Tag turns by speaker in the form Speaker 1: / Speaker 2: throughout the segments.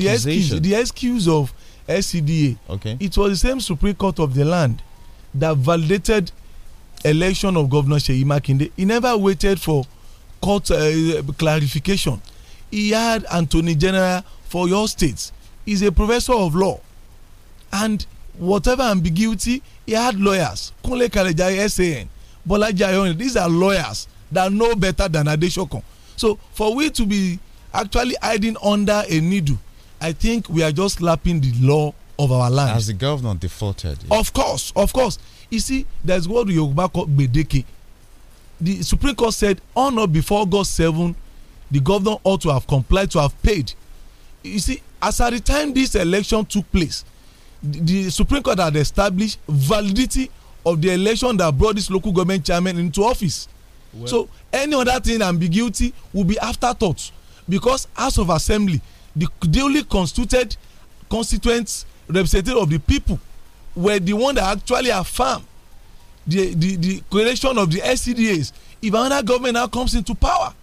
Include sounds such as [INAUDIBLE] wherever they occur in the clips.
Speaker 1: the excuse the excuse of
Speaker 2: SCDA. Okay. It was the same Supreme Court of the land that validated election of Governor Sheyi Makinde. He never waited for court uh, clarification. He had Attorney General for your states. He's a professor of law, and whatever ambiguity, he had lawyers. Kunle Kalejai SAN, Bolaji Ayoni. These are lawyers that know better than Adeshokon. So for we to be actually hiding under a needle I think we are just slapping the law of our land. As
Speaker 3: the governor defaulted.
Speaker 2: Yeah. Of course, of course. You see, there's what the Yoruba call Bedeke. The Supreme Court said, on or before August 7, the governor ought to have complied to have paid. You see, as at the time this election took place, the, the Supreme Court had established validity of the election that brought this local government chairman into office. Well, so any other thing ambiguity will be afterthought because House of Assembly the duly constituted constituents representative of the people were the one that actually affirmed the the the creation of the scdas if another government now comes into power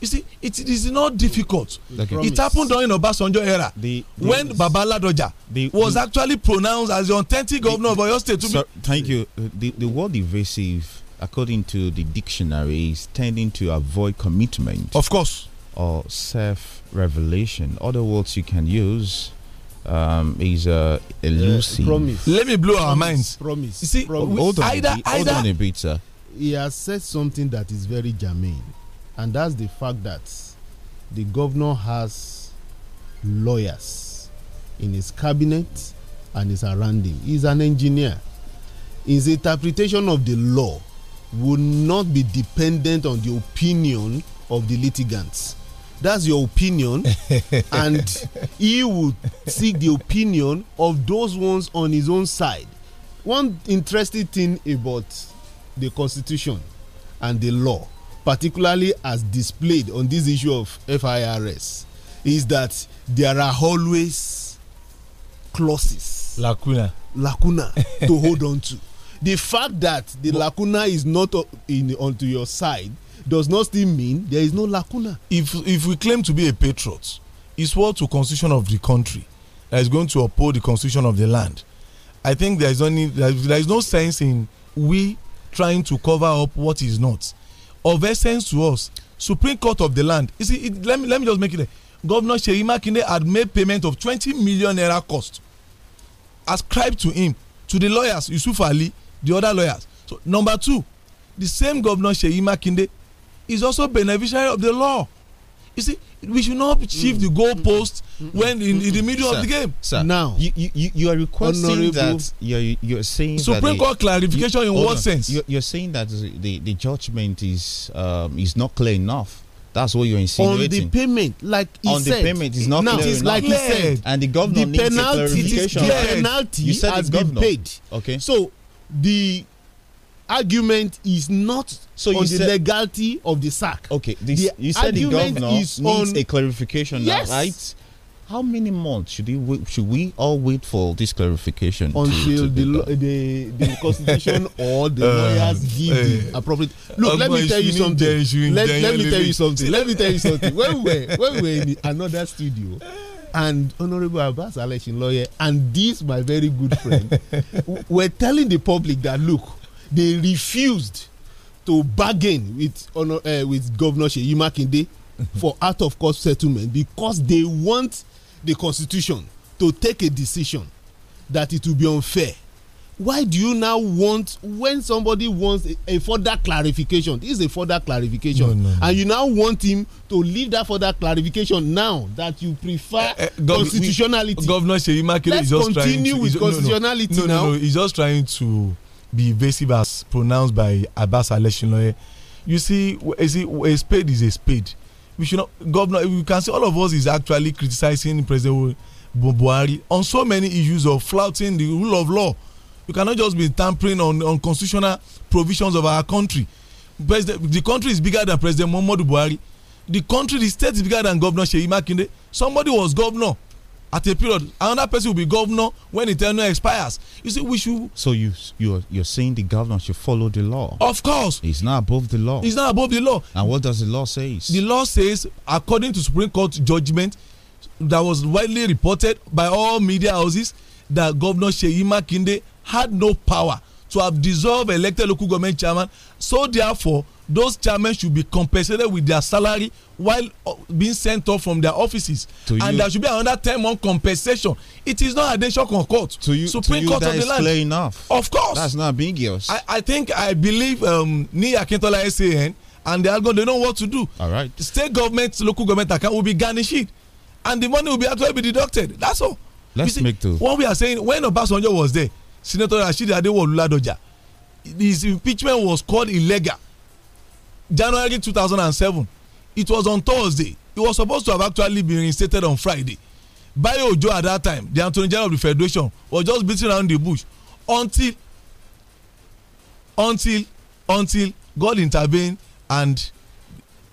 Speaker 2: you see it, it is not difficult okay. it happened during obasanjo era
Speaker 3: the, the, when
Speaker 2: baba ladoja
Speaker 3: was the, actually pronounced as the authentic governor of oyo state sir, thank you uh, the, the word evasive according to the dictionary is tending to avoid commitment of course or self revelation. Other words you can use um, is uh, elusive. Uh, promise. Let me blow
Speaker 2: promise, our minds. Promise. You see, promise. Hold, on either, hold on
Speaker 3: a bit, sir.
Speaker 4: He has said something that is very germane, and that's the fact that the governor has lawyers in his cabinet and is around him. He's an engineer. His interpretation of the law will not be dependent on the opinion of the litigants that's your opinion [LAUGHS] and he would seek the opinion of those ones on his own side one interesting thing about the constitution and the law particularly as displayed on this issue of firs is that there are always clauses lacuna lacuna to [LAUGHS] hold on to the fact that the but, lacuna is not in, onto your side does not still mean there is no lacuna.
Speaker 2: If if we claim to be a patriot, it's what to constitution of the country that is going to uphold the constitution of the land. I think there is only there is, there is no sense in we trying to cover up what is not of essence to us. Supreme Court of the land. You see, it, let me let me just make it. There. Governor Sheyi Makinde had made payment of twenty million naira cost ascribed to him to the lawyers Yusuf Ali, the other lawyers. So number two, the same governor Sheyi Makinde is also beneficiary of the law you see we should not shift mm. the goalpost mm. when in, in, the middle sir, of the game. Sir, now you,
Speaker 3: you, you are requesting honorable, that you're, you're saying Supreme Court clarification you, in what on, sense? You're, you're, saying that the, the judgment is um, is not clear enough. That's what you're insinuating. On the payment, like he on said. the payment, is not clear. clear it's enough. like he said. And the government the penalty,
Speaker 4: needs a clarification. The penalty you said has been paid. Okay. So the argument is not so on the legality of the sack. Okay, this, the you said the governor is needs on, a
Speaker 3: clarification yes. now, right? How many months should we should we all wait for this clarification until to,
Speaker 4: to the, the, the [LAUGHS] constitution or the uh, lawyers give the uh, appropriate? Look, let me tell you something. Let, let me tell you something. Let me tell you something. [LAUGHS] When we were, when we in another studio and Honorable Abbas election lawyer and this my very good friend [LAUGHS] we're telling the public that look they refused to bargain with uh, with Governor Sheyi Makinde [LAUGHS] for out of court settlement because they want the constitution to take a decision that it will be unfair. Why do you now want when somebody wants a, a further clarification? This is a further clarification, no, no, no. and you now want him to leave that further clarification now that you prefer uh, uh, gov constitutionality.
Speaker 2: We, Governor Sheyi Makinde is just trying to continue with constitutionality no, no, now. No, no, he's just trying to be evasive as pronounced by Abbas Aleshinloye. You see, you see, a spade is a spade. We should not, Governor, you can see all of us is actually criticizing President Buhari on so many issues of flouting the rule of law. You cannot just be tampering on, on constitutional provisions of our country. President, the country is bigger than President Muhammadu Buhari. The country, the state is bigger than Governor Sheyi Makinde. Somebody was governor at a period another person will be
Speaker 3: governor when the tenure expires you see we should. so you you you're saying the governor should follow the law. of course. he's not above the law. he's
Speaker 2: not above the law.
Speaker 3: and what does the law say. the law says
Speaker 2: according to supreme court judgment that was widely reported by all media houses that governor seyi makinde had no power to have dissolved elected local government chairman so therefore those chairmen should be compensated with their salary while uh, being sent off from their offices to and you, there should be another ten month compensation it is not a court, court to you, supreme to you court that of the land clear enough. of course that's not being yours. I, I think i believe um, ni akintola san and the algon they know what to do all right state government local government account will be garnished and the money will be actually be deducted that's all.
Speaker 3: let's see, make two
Speaker 2: what we are saying when obasanjo was there senator rashidi adewolu ladoja his impeachment was called illegal January 2007. It was on Thursday. It was supposed to have actually been reinstated on Friday. Bayo Ojo at that time, the Attorney General of the Federation, was just beating around the bush until until until God intervened and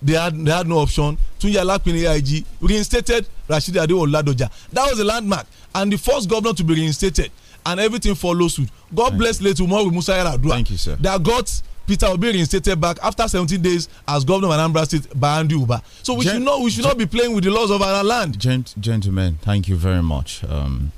Speaker 2: they had they had no option. Tunji Alapin AIG reinstated Rashidi Adewale Oladoja. That was a landmark and the first governor to be reinstated and everything follows suit. God Thank bless late Umaru Musa Yaradua. Thank you, sir. That got Peter Obi reinstated back after 17 days as governor of Anambra State by Andy Uba. So we Gen should not we should not
Speaker 3: be playing with the laws of our land. Gent gentlemen, thank you very much. Um,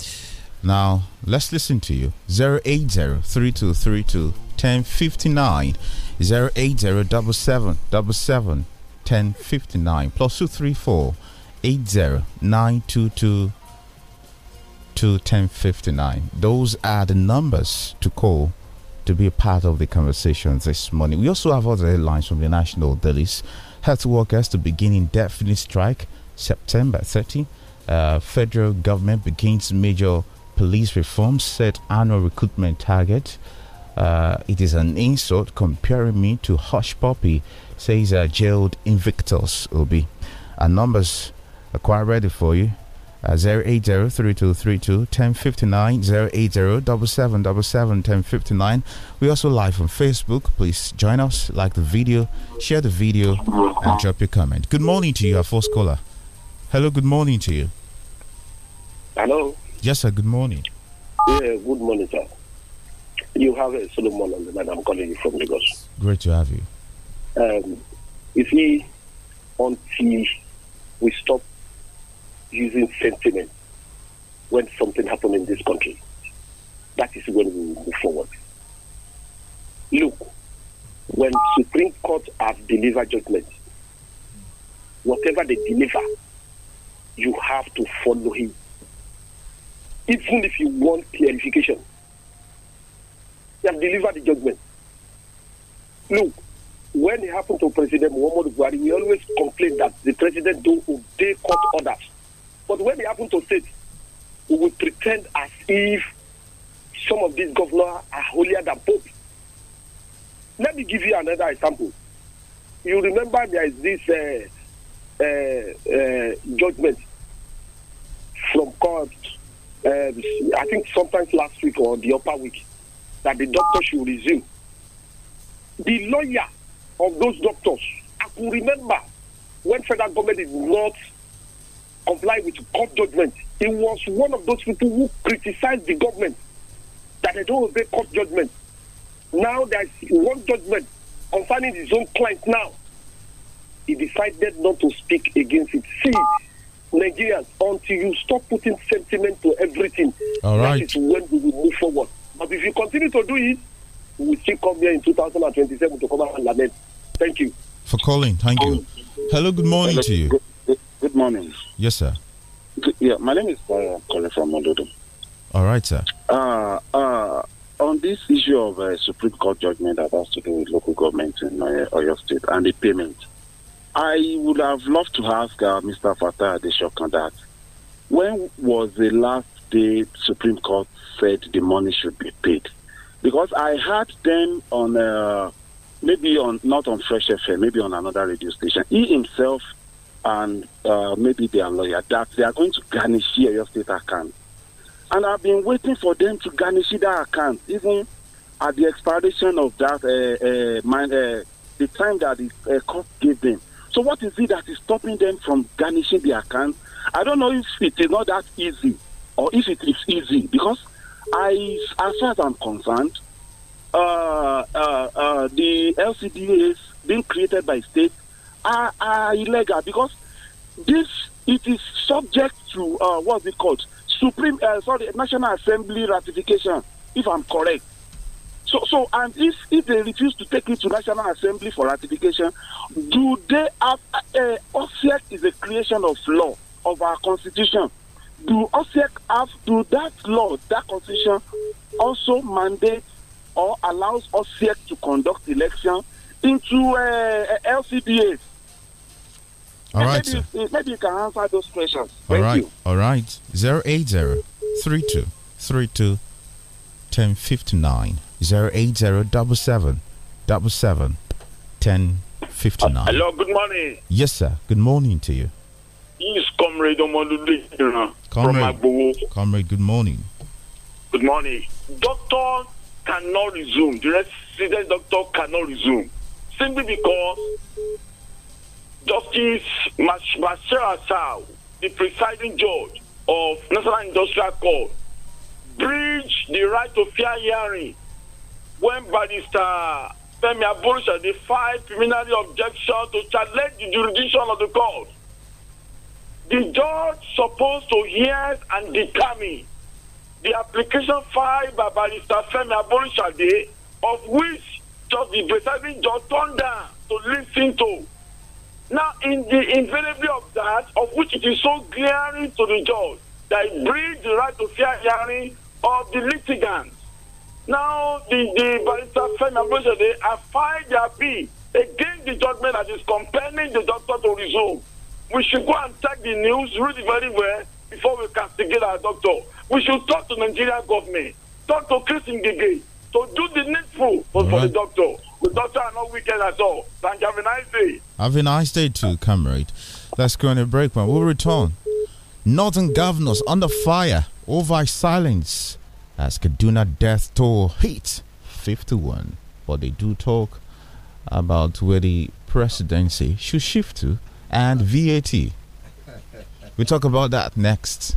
Speaker 3: now let's listen to you. Zero eight zero three two three two ten fifty nine zero eight zero double seven double 3232 to 1059. Those are the numbers to call to be a part of the conversation this morning. We also have other headlines from the national dailies. Health workers to begin indefinite strike September 30. Uh, federal government begins major police reform, set annual recruitment target. Uh, it is an insult comparing me to Hush Poppy, says uh, jailed Invictus be. Our numbers are quite ready for you uh, 1059 We also live on Facebook. Please join us, like the video, share the video, and drop your comment. Good morning to you, our first caller. Hello, good morning to you. Hello. Yes, sir, good morning.
Speaker 1: Yeah, good morning, sir. You have a Solomon on the line. I'm calling you from Lagos.
Speaker 4: Great to have you.
Speaker 1: Um, you see, until we stop using sentiment when something happened in this country. That is when we will move forward. Look, when Supreme Court have delivered judgment, whatever they deliver, you have to follow him. Even if you want clarification, they have delivered the judgment. Look, when it happened to President Muhammad Buhari, we always complain that the president don't obey court orders. But when it happens to sit, we would pretend as if some of these governors are holier than Pope. Let me give you another example. You remember there is this uh, uh, uh, judgment from court, um, I think sometimes last week or the upper week, that the doctor should resume. The lawyer of those doctors, I can remember when federal government is not comply with court judgment. He was one of those people who criticized the government that they don't obey court judgment. Now there's one judgment concerning his own client now. He decided not to speak against it. See, Nigerians, until you stop putting sentiment to everything, All right. that is when we will move forward. But if you continue to do it, we will still come here in 2027 to come out and lament. Thank you.
Speaker 3: For calling. Thank you. Hello, good morning Hello. to you. Good morning. Yes, sir.
Speaker 5: Yeah, my name is Boy. I'm calling from Mondodo. All right, sir. Uh, uh, on this issue of uh, Supreme Court judgment that has to do with local government in uh, Oyo State and the payment, I would have loved to ask uh, Mr. Fatah Adeshokan that when was the last day Supreme Court said the money should be paid? Because I heard them on uh, maybe on not on Fresh FM, maybe on another radio station. He himself and uh, maybe their lawyer that they are going to garnish your State account. And I've been waiting for them to garnish that account, even at the expiration of that, uh, uh, my, uh, the time that the uh, court gave them. So, what is it that is stopping them from garnishing the account? I don't know if it is not that easy or if it is easy because I, as far as I'm concerned, uh, the LCDA is being created by state are, uh, are illegal because this it is subject to uh, what's it called supreme uh, sorry national assembly ratification if i'm correct so so and if if they refuse to take it to national assembly for ratification do they have uh, uh OSEC is a creation of law of our constitution do OSEC have do that law that constitution also mandate or allows OSEC to conduct election into uh, uh all right, maybe, you, maybe you can answer those questions.
Speaker 3: All Thank right, you. all right. Zero eight zero three two three two ten fifty nine zero eight zero double seven double seven ten fifty nine. hello, good morning. Yes, sir. Good morning to you.
Speaker 6: Yes, comrade uh,
Speaker 3: comrade, from Comrade, good morning.
Speaker 6: Good morning. Doctor cannot resume. The resident doctor cannot resume simply because Justice Mashbashir Asao, the presiding judge of National Industrial Court, breached the right to fair hearing when barrister Femi Abolisa they filed preliminary objection to challenge the jurisdiction of the court. The judge supposed to hear and determine the application filed by barrister Femi Abolisa of which just the presiding judge turned down to listen to. Now, in the invariably of that, of which it is so glaring to the judge, that it breeds the right to fair hearing of the litigants. Now, the, the barrister have filed their appeal against the judgment that is compelling the doctor to resume. We should go and check the news, read it very well, before we castigate our doctor. We should talk to Nigerian government, talk to Chris Ngege, to do the needful for, right. the doctor. The doctor are not wicked at all. Thank you. Have a nice day.
Speaker 3: Have a nice day too, comrade. Let's go on a break, man. We'll return. Northern governors under fire over silence as Kaduna death toll hits 51. But they do talk about where the presidency should shift to and VAT. We talk about that next.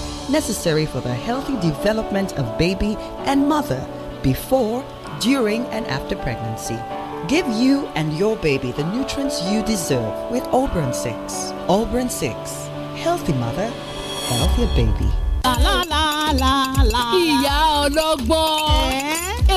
Speaker 7: necessary for the healthy development of baby and mother before, during, and after pregnancy. Give you and your baby the nutrients you deserve with Auburn 6. Auburn 6. Healthy mother, healthier baby.
Speaker 8: La la la
Speaker 9: la la. Ìyá ọlọ́gbọ́n. Eh?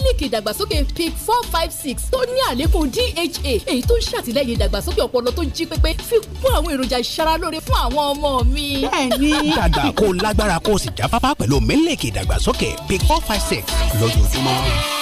Speaker 9: mílíkì ìdàgbàsókè pic four five six tó ní àlékún dha èyí tó ń ṣàtìlẹ́yìn ìdàgbàsókè ọpọlọ tó jí pépé fi kún àwọn èròjà ìṣaralóore fún àwọn ọmọ mi. bẹ́ẹ̀ni dàgbà kó lágbára kó o sì jáfáfá pẹ̀lú mílíkì ìdàgbàsókè
Speaker 10: pic four five six
Speaker 5: lójoojúmọ́.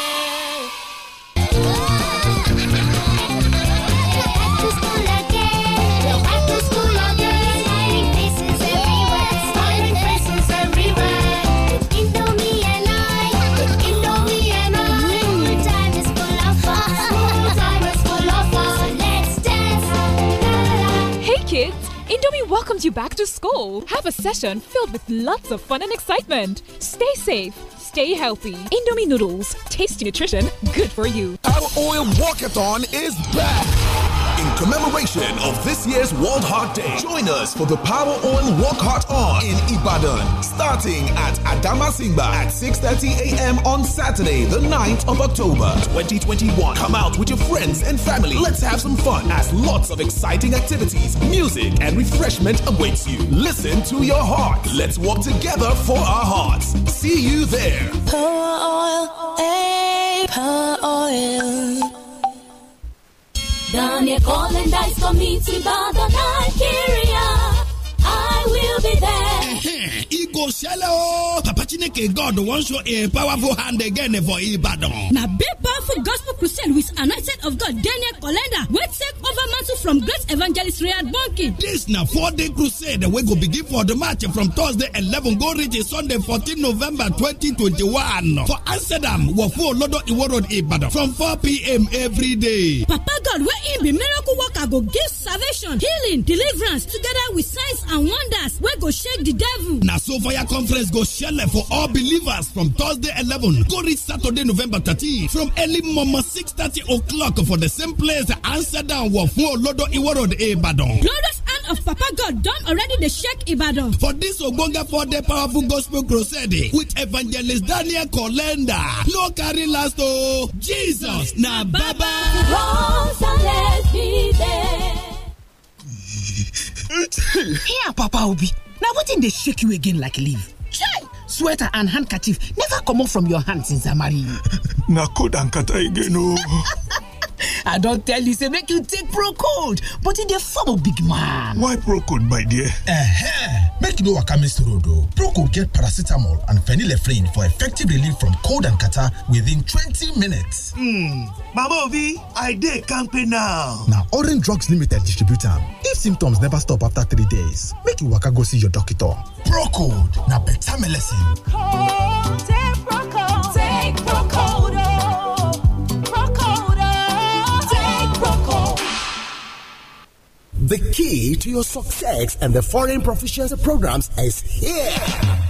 Speaker 11: send you back to school. Have a session filled with lots of fun and excitement. Stay safe, stay healthy. Indomie noodles, tasty nutrition, good for you.
Speaker 12: Our oil walkathon is back
Speaker 13: commemoration of this year's World Heart Day. Join us for the
Speaker 12: Power On Walk Heart On in Ibadan, starting at Adamasimba at 6.30 a.m. on Saturday, the 9th of October, 2021. Come out with your friends and family. Let's have some fun as lots of exciting activities, music, and refreshment awaits you. Listen to your heart. Let's walk together for our hearts. See you there.
Speaker 11: Power Oil. Hey, eh, power Oil.
Speaker 8: Daniel Collin Dice
Speaker 14: to bother Nigeria. I will be there. Igò ṣẹlẹ̀ chineke god wan show a powerful hand again for ibadan na big
Speaker 15: powerful gospel crusade with anointed of god daniel kolenda wey take over mantle from great evangelist riyad bonke. dis na
Speaker 14: four day crusade wey go begin for the march from thursday eleven go reach sunday fourteen november twenty twenty one for amsterdam wofo olodo iwo road ibadan from four pm every day. papa god wey im be miracle worker go give salvation healing deliverance together with signs and wonders wey go shake the devil. na so fire conference go shele for for all believers from Thursday 11 go reach Saturday November 13 from early morning mama 6.30 o'clock for the same place answer down wọ fún Olodo Iwo Road Ibadan. Glorious hand of Papa God done already the shake Ibadan. For this ogbonge for the powerful gospel crusade with evangelist Daniel Kolenda no carry last oh Jesus na Baba. [LAUGHS] Here,
Speaker 9: Papa Obi, now what wetin dey shake you again like leave? Chai! sweater and handkerchief never comot from your hand since i marry you.
Speaker 12: na cold and kata again o
Speaker 9: i
Speaker 16: don't tell you say make you take procold but e dey form of big man
Speaker 12: why procold my dear?
Speaker 16: eh make you know what miss the road procold get paracetamol and phenylephrine for effective relief from cold and catar within 20 minutes hmm mama obi i dey campaign now Now orange drugs limited distributor. if symptoms never stop after three days make you waka go see your doctor procold na beta melecine
Speaker 10: The key to your success and the foreign proficiency programs is here.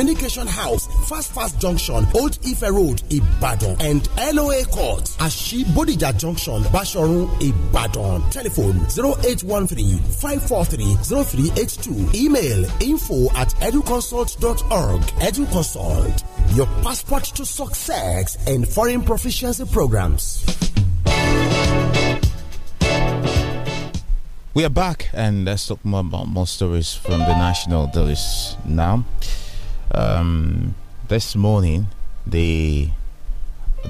Speaker 10: Communication House, Fast Fast Junction, Old Ife Road, Ibadan, and LOA Court, Ashi Bodija Junction, Bashorun, Ibadan. Telephone 0813 543 0382. Email info at educonsult.org. Educonsult, your passport to success and foreign proficiency programs.
Speaker 3: We are back, and let's talk more about more stories from the national There is now. Um, this morning, the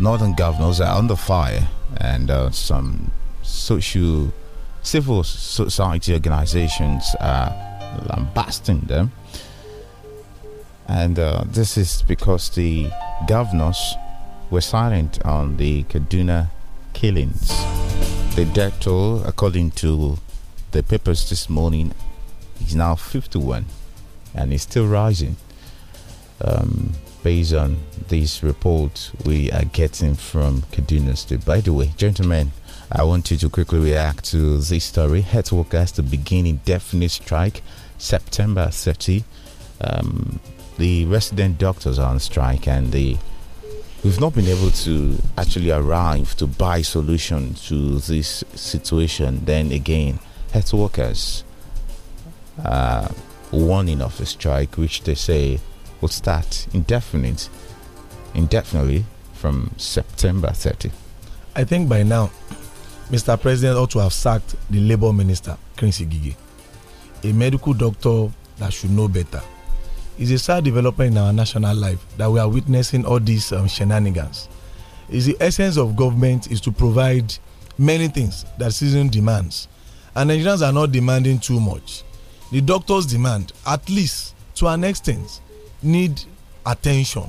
Speaker 3: northern governors are under fire, and uh, some social civil society organizations are lambasting them. And uh, this is because the governors were silent on the Kaduna killings. The death toll, according to the papers this morning, is now 51 and is still rising um, based on these reports we are getting from Kaduna State. By the way, gentlemen, I want you to quickly react to this story. Health workers to begin indefinite strike September 30. Um, the resident doctors are on strike and the we've not been able to actually arrive to buy solution to this situation. Then again, health workers uh, warning of a strike, which they say will start indefinite, indefinitely from September 30. I think by
Speaker 2: now, Mr. President ought to have sacked the Labour Minister, Prince Gigi, a medical doctor that should know better. It's a sad development in our national life that we are witnessing all these um, shenanigans. It's the essence of government is to provide many things that season demands, and Nigerians are not demanding too much. The doctors demand, at least to an extent, need attention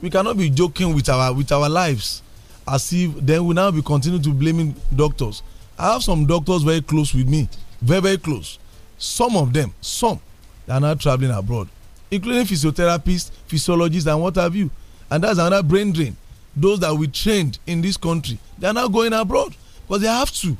Speaker 2: we cannot be joking with our with our lives as if then we now be continue to blaming doctors i have some doctors very close with me very very close some of them some they are now traveling abroad including physiotherapists physiologists and what have you and that's another brain drain those that we trained in this country they are now going abroad because they have to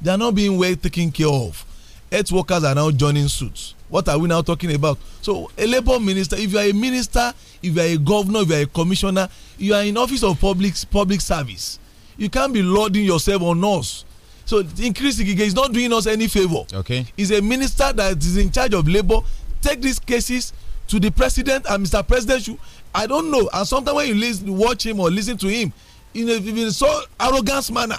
Speaker 2: they are not being well taken care of health workers are now joining suits what are we now talking about so a labour minister if you are a minister if you are a governor if you are a commissioner you are in office of public public service you can't be loading yourself on us so increase gige is not doing us any favour okay he's a minister that is in charge of labour take these cases to the president and mr president i don't know and sometimes when you listen, watch him or listen to him in a, in a so arrogant manner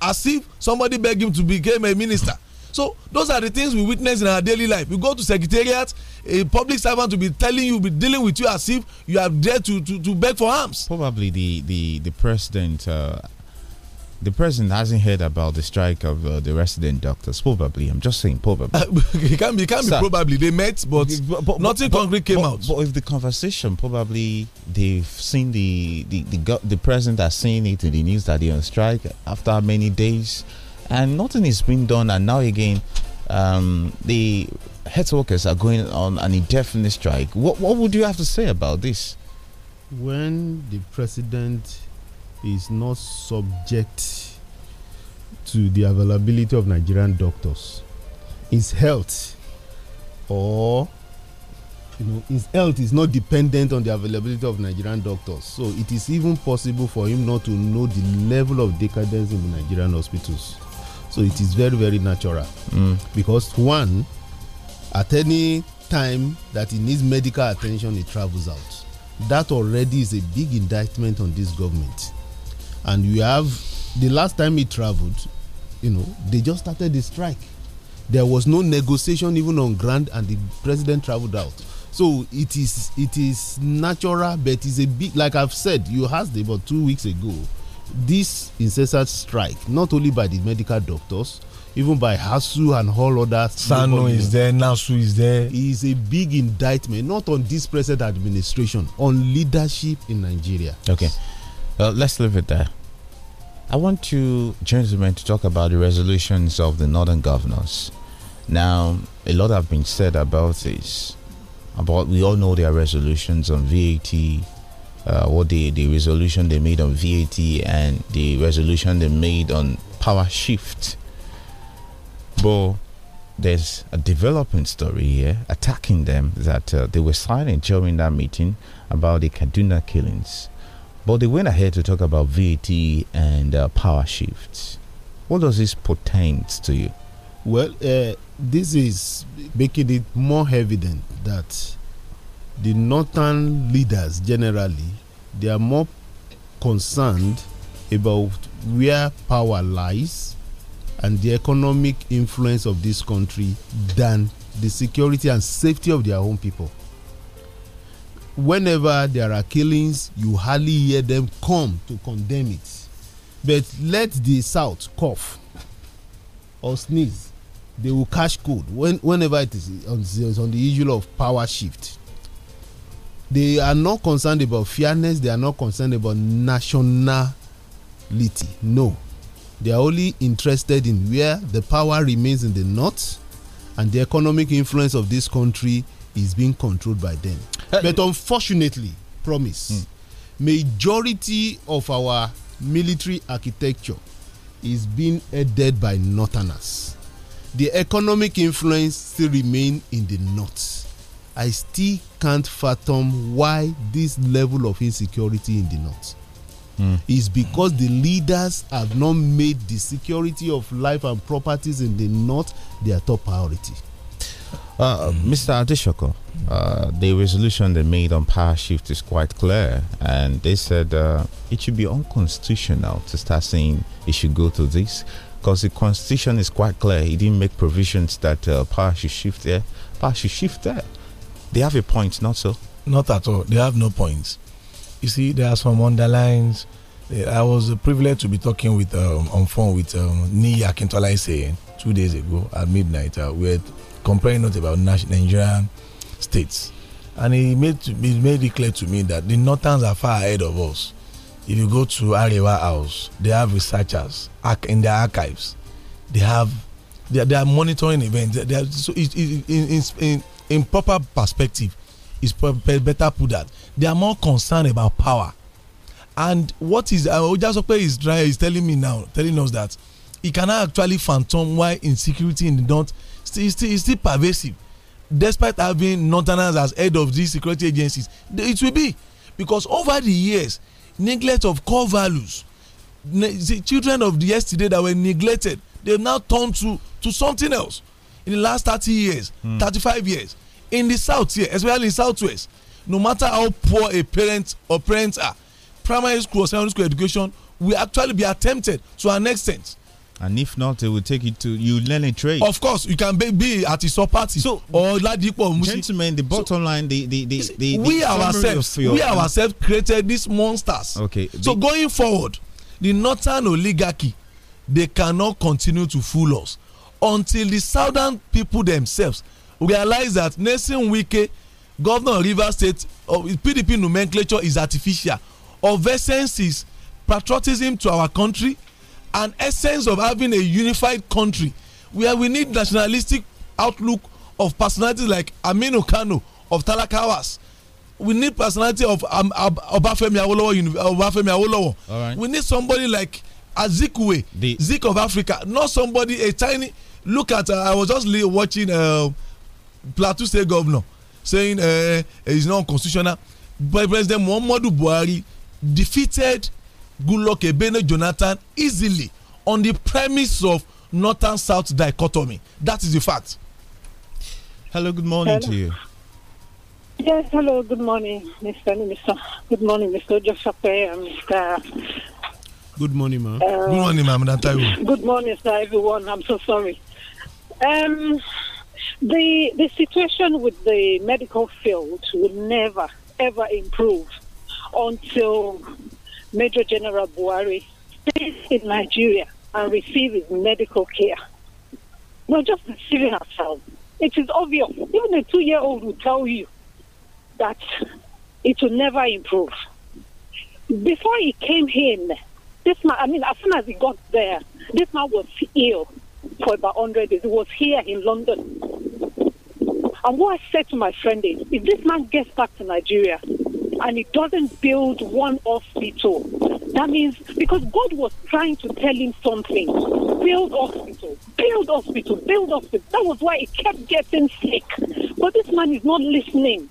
Speaker 2: as if somebody beg him to become a minister so those are the things we witness in our daily life We go to secretariat a public servant will be telling you be dealing with you as if you are there
Speaker 3: to to, to beg for arms. probably the the the president. Uh, the president hasn't heard about the strike of uh, the resident doctors. Probably, I'm just saying probably. Uh, [LAUGHS] it can
Speaker 2: be, it can Sir, be probably. They met, but, but, but
Speaker 3: nothing but, concrete came out. But if the conversation, probably they've seen the the the, the president has seen it in the news that they're on strike after many days and nothing is being done. And now again, um, the health workers are going on an indefinite strike. What what would you have to say about this?
Speaker 4: When
Speaker 3: the president is not subject
Speaker 4: to the availability of Nigerian doctors, his health or you know, his health is not dependent on the availability of Nigerian doctors. So it is even possible for him not to know the level of decadence in the Nigerian hospitals so it is very very natural mm. because one at any time that he needs medical attention he travels out that already is a big indictment on this government and we have the last time he traveled you know they just started the strike there was no negotiation even on ground and the president traveled out so it is it is natural but it's a big like i've said you asked about two weeks ago this incessant strike, not only by the medical doctors, even by HASU and all other. Sano is there, NASU is there. Is a big indictment, not on this present administration, on leadership in Nigeria.
Speaker 3: Okay, well, let's leave it there. I want to, gentlemen, to talk about the resolutions of the northern governors. Now, a lot have been said about this. About we all know their resolutions on VAT, uh, what the, the resolution they made on VAT and the resolution they made on power shift. But there's a development story here attacking them that uh, they were silent during that meeting about the Kaduna killings. But they went ahead to talk about VAT and uh, power shifts. What does this portend to you? Well, uh, this is
Speaker 4: making it more evident that the northern leaders generally they are more concerned about where power lies and the economic influence of this country than the security and safety of their own people. Whenever there are killings, you hardly hear them come to condemn it. But let the South cough or sneeze, they will catch cold when, whenever it is on, on the issue of power shift. They are not concerned about fairness. They are not concerned about nationality. No. They are only interested in where the power remains in the north and the economic influence of this country is being controlled by them. but unfortunately, promise, mm. majority of our military architecture is being headed by northerners. The economic influence still remain in the north. I still can't fathom why this level of insecurity in the north mm. is because the leaders have not made the security of life and properties in the north their top priority.
Speaker 3: Uh, Mr. Adishoko, uh, the resolution they made on power shift is quite clear, and they said uh, it should be unconstitutional to start saying it should go to this because the constitution is quite clear. It didn't make provisions that uh, power should shift there, power should shift there. They have a point, not so?
Speaker 2: Not at all. They have no points. You see, there are some underlines. Eh, I was privileged to be talking with um, on phone with um, Ni Akintola saying two days ago at midnight. Uh, we were comparing notes about Nigerian states, and he made he made it clear to me that the Northerns are far ahead of us. If you go to Arewa House, they have researchers in their archives. They have they are, they are monitoring events. They are, so it, it, in, in, in proper perspective is better put that they are more concerned about power and what is uh, ojasope is is telling me now telling us that he cannot actually fathom why insecurity in the north still still still pervasive despite having northerners as head of these security agencies it will be because over the years neglect of core values the children of yesterday that were neglected they now turn to to something else in the last thirty years mm. thirty-five years in the south here especially in southwest no matter how poor a parent or parents are primary school or secondary school education will actually be attempted to an extent.
Speaker 3: and if not they will take it to you learn a trade.
Speaker 2: of course you can be, be at a sub party. so or ladipo musi. gentlemen the bottom so, line the the the. the we ourselves your, we ourselves created these monsters. okay so the, going forward the northern oligarchy they cannot continue to fool us until the southern people themselves realize that Nelson Wike, governor of River State, of PDP nomenclature is artificial. Of essence is patriotism to our country and essence of having a unified country where we need nationalistic outlook of personalities like Aminu Kano of Talakawas. We need personality of um, Obafemi Awolowo. Obafemi Awolowo. Right. We need somebody like Azikwe, the Zik of Africa, not somebody a tiny look at uh, i was just watching uh, plateau state governor saying uh, it's not constitutional but president muhammadu buhari defeated goodluck ebene jonathan easily on the premise of north and south dichotomy that is the fact. hello good morning hello. to
Speaker 3: you.
Speaker 7: yes hello good morning mr mr good morning mr josepe and mr.
Speaker 2: Good morning, ma'am. Uh, good morning, ma'am.
Speaker 7: Good morning, sir, everyone. I'm so sorry. Um, the the situation with the medical field will never ever improve until Major General Buhari stays in Nigeria and receives medical care. We're just deceiving ourselves. It is obvious. Even a two year old will tell you that it will never improve. Before he came in, this man, I mean, as soon as he got there, this man was ill for about 100 days. He was here in London. And what I said to my friend is, if this man gets back to Nigeria and he doesn't build one hospital, that means because God was trying to tell him something build hospital, build hospital, build hospital. That was why he kept getting sick. But this man is not listening.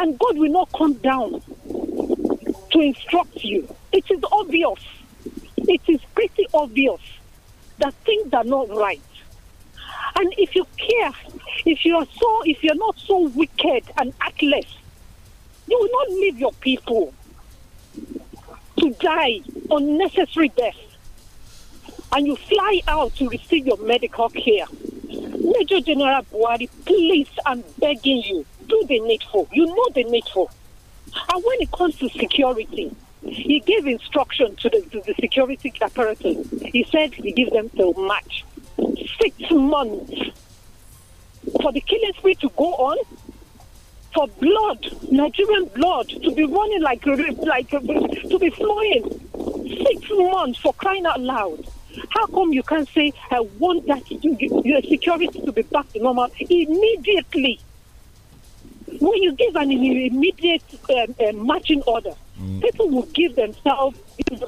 Speaker 7: And God will not come down to instruct you. It is obvious. It is pretty obvious that things are not right. And if you care, if you are so, if you're not so wicked and heartless, you will not leave your people to die unnecessary death. And you fly out to receive your medical care. Major General Buhari, please, I'm begging you, do the needful. You know the needful. And when it comes to security, he gave instruction to the, to the security apparatus. He said he gives them till March. Six months for the killing spree to go on, for blood, Nigerian blood, to be running like, like to be flowing. Six months for crying out loud. How come you can't say, I want that your security to be back to normal immediately? When you give an immediate um, uh, marching order, People will give themselves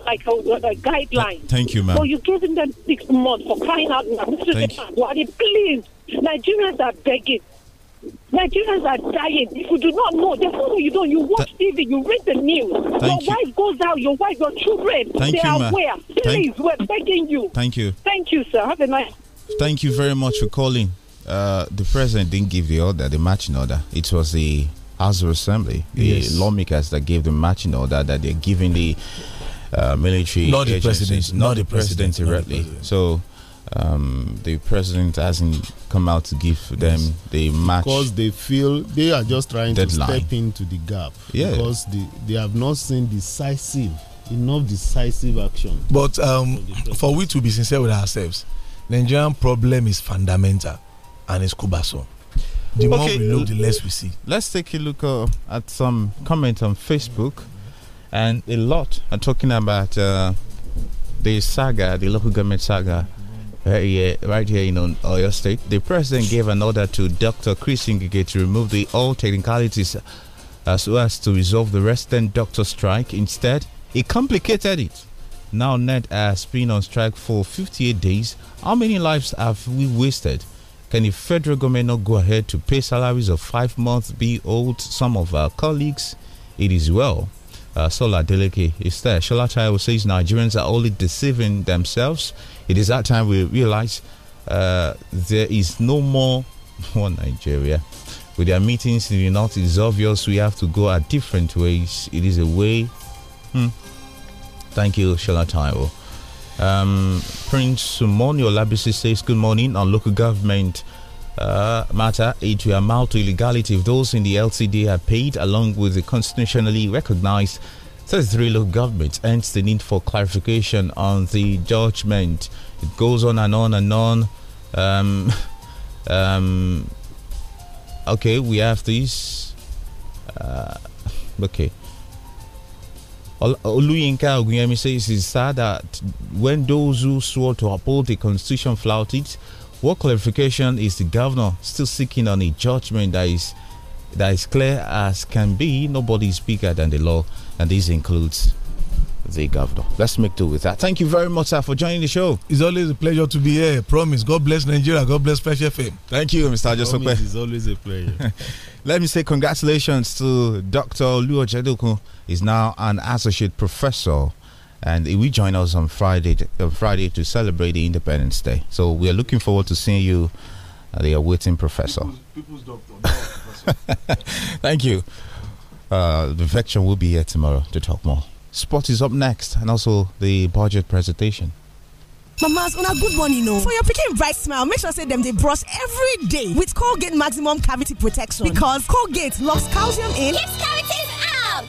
Speaker 7: like a, a guideline. Thank you, ma'am. So you're giving them six months for crying out loud. Thank you. Please, Nigerians are begging. Nigerians are dying. If you do not know, there's something you don't. You watch Th TV, you read the news. your you. wife goes out, your wife, your children, Thank they you, are aware. Please, Thank we're begging you. Thank you. Thank you, sir. Have a nice
Speaker 3: Thank you very much for calling. Uh, the president didn't give the order, the matching order. It was the House of Assembly, the yes. lawmakers that gave the you order that they're giving the uh, military not the president, not, not, the president, directly. So. Um, the president hasn't come out to give them yes. the match because
Speaker 4: they feel they are just trying deadline. to step into the gap yeah.
Speaker 3: because they, they
Speaker 4: have not seen decisive enough decisive action. But um, for we to
Speaker 2: be sincere with ourselves, Nigerian problem is fundamental and it's cumbersome. The more we know, the less we see.
Speaker 3: Let's take a look uh, at some comment on Facebook, and a lot are talking about uh, the saga, the local government saga. Right here, right here in Oyo State, the president gave an order to Dr. Chris Ingige to remove the all technicalities as well as to resolve the resident doctor strike. Instead, he complicated it. Now, Ned has been on strike for 58 days. How many lives have we wasted? Can the federal government not go ahead to pay salaries of five months be owed some of our colleagues? It is well. Uh, Sola Deleke is there. Shola Chayo says Nigerians are only deceiving themselves. It is that time we realize uh, there is no more [LAUGHS] one Nigeria. With their meetings in the north, it is obvious we have to go our different ways. It is a way. Hmm. Thank you, Shola Taiwo. Um, Prince Sumoni Olabisi says, Good morning on local government. Uh, matter, it will amount to illegality if those in the LCD are paid along with the constitutionally recognized 33 local governments, hence the need for clarification on the judgment. It goes on and on and on. Um, [LAUGHS] um, okay, we have this. Uh, okay. Oluyinka Oguyemi says it's sad that when those who swore to uphold the constitution flouted it, what clarification is the governor still seeking on a judgment that is that is clear as can be? Nobody is bigger than the law, and this includes the governor. Let's make do with that. Thank you very much, sir, for joining the show. It's always a pleasure to be here.
Speaker 2: promise. God bless Nigeria. God bless Fresh FM.
Speaker 3: Thank you, Mr. Ajosope. It's always a pleasure. [LAUGHS] Let me say congratulations to Dr. Luo Jeduku. He's now an associate professor and he will join us on Friday to, on Friday to celebrate the Independence Day. So we are looking forward to seeing you, uh, the awaiting professor. People's, people's doctor, professor. [LAUGHS] Thank you. Uh, the veteran will be here tomorrow to talk more. Sport is up next, and also the budget presentation.
Speaker 9: Mamas, on a good morning, you know. For your picking bright smile, make sure say them they brush every day with Colgate Maximum
Speaker 11: Cavity Protection because Colgate locks calcium in. Keeps cavities out.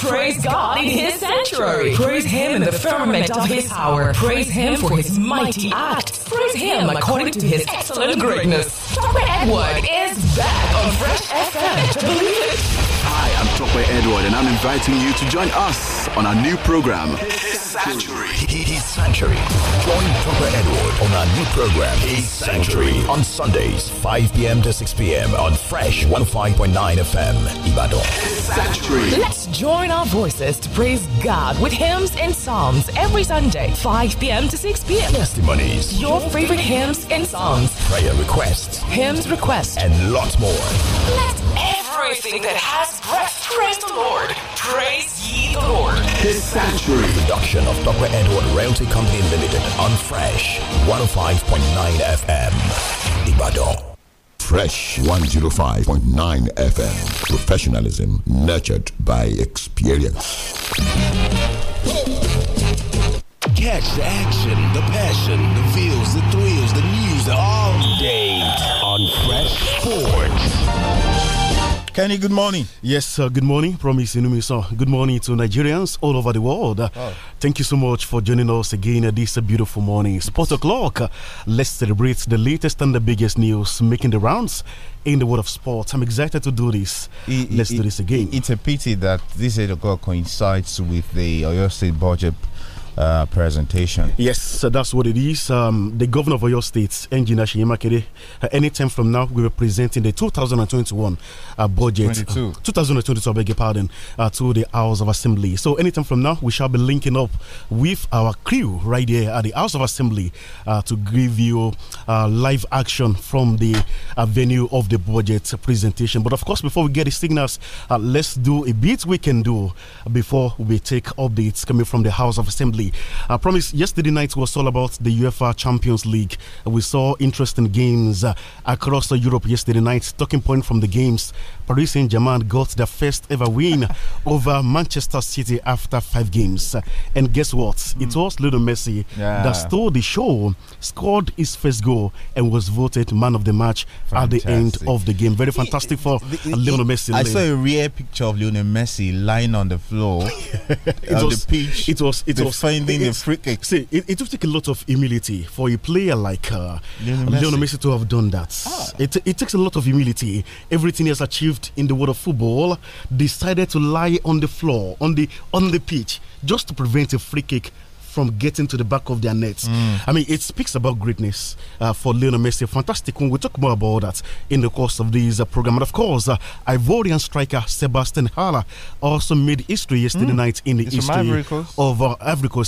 Speaker 11: Praise God in his sanctuary. Praise him in the firmament of his power. Praise him for his mighty acts. Praise him according to his excellent greatness. Dr. Edward is back on Fresh FM.
Speaker 13: Believe it. Hi, I'm Chopper Edward, and I'm inviting you to join us on our new program. His Sanctuary. His Sanctuary. Join Chopper Edward on our new program, His Sanctuary, on Sundays, 5 p.m. to 6 p.m. on Fresh 105.9 FM, Ibadan. His
Speaker 11: Sanctuary. Let's join our voices to praise God with hymns and psalms every Sunday, 5 p.m. to 6 p.m. Testimonies. Your favorite hymns and songs.
Speaker 13: Prayer requests. Hymns requests. And lots more.
Speaker 11: Let everything that has Praise the Lord. Praise ye
Speaker 13: the Lord. This sanctuary production of Dr. Edward Realty Company Limited on Fresh 105.9 FM. Ibadan. Fresh 105.9
Speaker 17: FM. Professionalism nurtured by experience.
Speaker 13: Catch the action, the passion, the feels, the thrills, the news all day on Fresh Sports.
Speaker 18: Kenny, good morning. Yes, uh, good morning. Promise Inumi, sir. Good morning to Nigerians all over the world. Uh, oh. Thank you so much for joining us again uh, this beautiful morning. It's Sport o'clock. let's celebrate the latest and the biggest news making the rounds in the world of sports. I'm
Speaker 3: excited to do this. It, let's it, do this again. It's a pity that this 8 o'clock coincides with the Oyo State budget uh, presentation.
Speaker 18: Yes, so that's what it is. Um, the governor of your state, Engineer Shiyemakere, uh, anytime from now, we will be presenting the 2021 uh, budget. 22. Uh, 2022, I beg your pardon, uh, to the House of Assembly. So anytime from now, we shall be linking up with our crew right here at the House of Assembly to give you live action from the venue of the budget presentation. But of course, before we get the signals, let's do a bit we can do before we take updates coming from the House of Assembly. I promise yesterday night was all about the UEFA Champions League. We saw interesting games uh, across Europe yesterday night. Talking point from the games Paris Saint Germain got their first ever win [LAUGHS] over Manchester City after five games. And guess what? Mm. It was Lionel Messi yeah. that stole the show, scored his first goal, and was voted man of the match fantastic. at the end of the game. Very fantastic
Speaker 3: for Lionel Messi. I saw a rare picture of Lionel Messi lying on the floor [LAUGHS] [LAUGHS] it was, the pitch. It was it was finding it, a free kick. See, it, it would take a lot of humility for a
Speaker 18: player like uh, Lionel Messi to have done that. Ah. It, it takes a lot of humility. Everything he has achieved in the world of football decided to lie on the floor, on the on the pitch, just to prevent a free kick from getting to the back of their nets. Mm. I mean, it speaks about greatness uh, for Lionel Messi. Fantastic. We'll talk more about that in the course of this uh, program. And of course, uh, Ivorian striker Sebastian Haller also made history yesterday mm. night in the it's history of uh,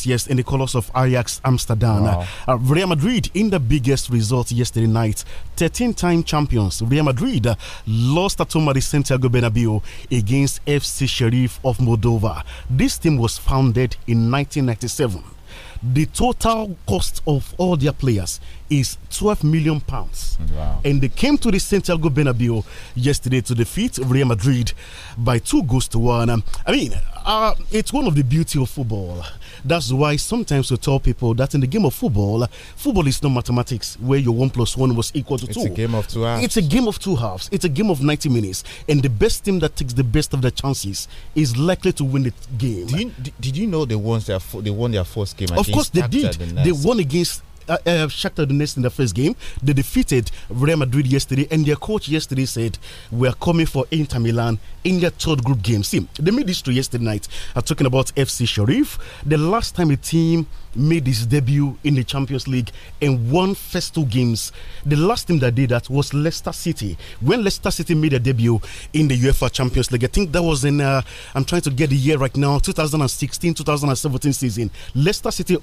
Speaker 18: yes, in the colours of Ajax Amsterdam. Wow. Uh, Real Madrid in the biggest result yesterday night. 13 time champions, Real Madrid uh, lost at home at the Santiago Bernabeu against FC Sheriff of Moldova. This team was founded in 1997 the total cost of all their players is 12 million pounds. Wow. And they came to the Santiago Bernabeu yesterday to defeat Real Madrid by two goals to one. I mean, uh, it's one of the beauty of football. That's why sometimes we tell people that in the game of football, football is not mathematics where your one plus one was equal to it's two. It's a game of two halves. It's a game of two halves. It's a game of 90 minutes. And the best team that takes the best of the chances is likely to win the game. Did you, did you know they won their, they won their first game? Of course they did. The they won against uh, uh, Shakhtar Donetsk in the first game. They defeated Real Madrid yesterday, and their coach yesterday said, "We are coming for Inter Milan in their third group game." See, they made this to yesterday night. I'm talking about FC Sharif. The last time a team made his debut in the Champions League and won first two games. The last team that did that was Leicester City. When Leicester City made their debut in the UEFA Champions League, I think that was in, uh, I'm trying to get the year right now, 2016 2017 season. Leicester City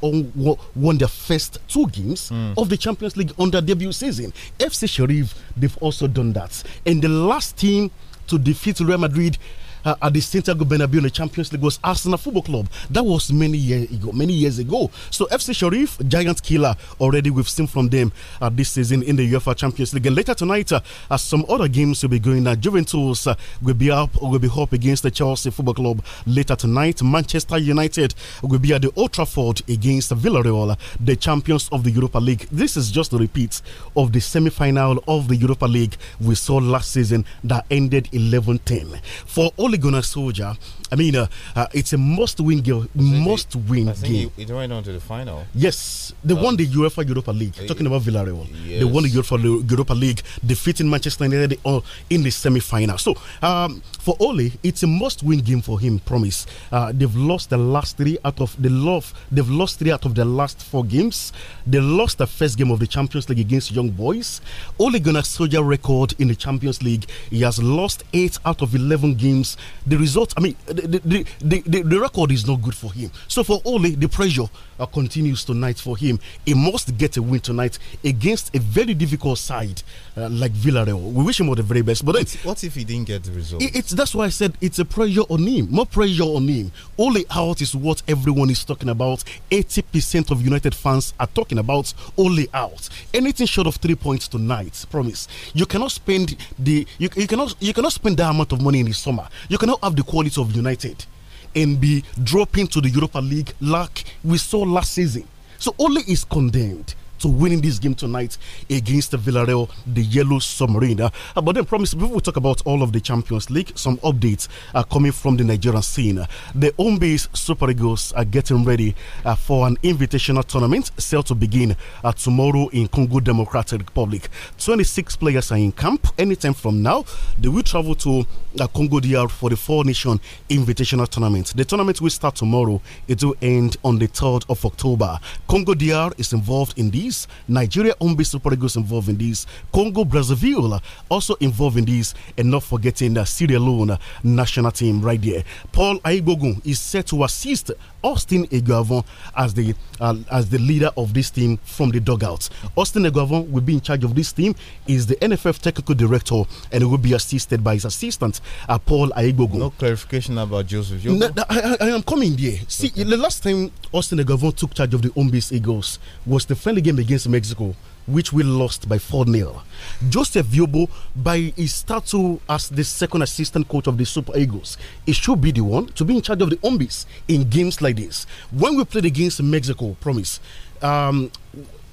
Speaker 18: won their first two games mm. of the Champions League on their debut season. FC Sheriff, they've also done that. And the last team to defeat Real Madrid uh, at the Santiago Bernabeu in the Champions League was Arsenal Football Club. That was many years ago. Many years ago. So FC Sharif, giant killer already. We've seen from them uh, this season in the UEFA Champions League. And later tonight, uh, some other games will be going. Uh, Juventus uh, will be up will be up against the Chelsea Football Club later tonight. Manchester United will be at the Old Trafford against Villarreal, the champions of the Europa League. This is just a repeat of the semi-final of the Europa League we saw last season that ended 11-10. For all Ole Gunnar Soldier. I mean, uh, uh, it's a must-win game. Must-win game. It went on to the final. Yes, they won the UEFA Europa League. Talking about Villarreal, yes. they won the UEFA Europa League, defeating Manchester United in the semi-final. So um, for Ole, it's a must-win game for him. Promise. Uh, they've lost the last three out of the love. They've lost three out of the last four games. They lost the first game of the Champions League against Young Boys. Ole Gunnar Soldier record in the Champions League. He has lost eight out of eleven games the result, I mean, the, the, the, the, record is not good for him. So for Ole, the pressure uh, continues tonight for him. He must get a win tonight against a very difficult side uh, like Villarreal. We wish him all the very best. But what,
Speaker 3: what if he didn't get the result? It, it's
Speaker 18: that's why I said it's a pressure on him. More pressure on him. Ole out is what everyone is talking about. 80% of United fans are talking about Ole out. Anything short of three points tonight, promise. You cannot spend the you, you cannot you cannot spend that amount of money in the summer you cannot have the quality of United and be dropping to the Europa League like we saw last season. So only is condemned to winning this game tonight against Villarreal, the Yellow Submarine. Uh, but then, promise, before we talk about all of the Champions League, some updates are coming from the Nigerian scene. The home base Super Eagles are getting ready uh, for an invitational tournament set to begin uh, tomorrow in Congo Democratic Republic. 26 players are in camp. Anytime from now, they will travel to uh, Congo DR for the Four Nation Invitational Tournament. The tournament will start tomorrow. It will end on the 3rd of October. Congo DR is involved in the this. Nigeria home based Super Eagles involved in this. Congo Brazzaville uh, also involved in this. And not forgetting the uh, Sierra Leone uh, national team right there. Paul Aigogun is set to assist Austin Eguavon as the uh, as the leader of this team from the dugout. Austin Eguavon will be in charge of this team. Is the NFF technical director, and he will be assisted by his assistant, uh, Paul Aigbogun. No clarification about Joseph. No, I, I, am coming there. See, okay. the last time Austin Eguavon took charge of the home base Eagles was the friendly game against Mexico which we lost by 4 0. Joseph Yobo, by his status as the second assistant coach of the Super Eagles, he should be the one to be in charge of the Ombis in games like this. When we played against Mexico, promise, um,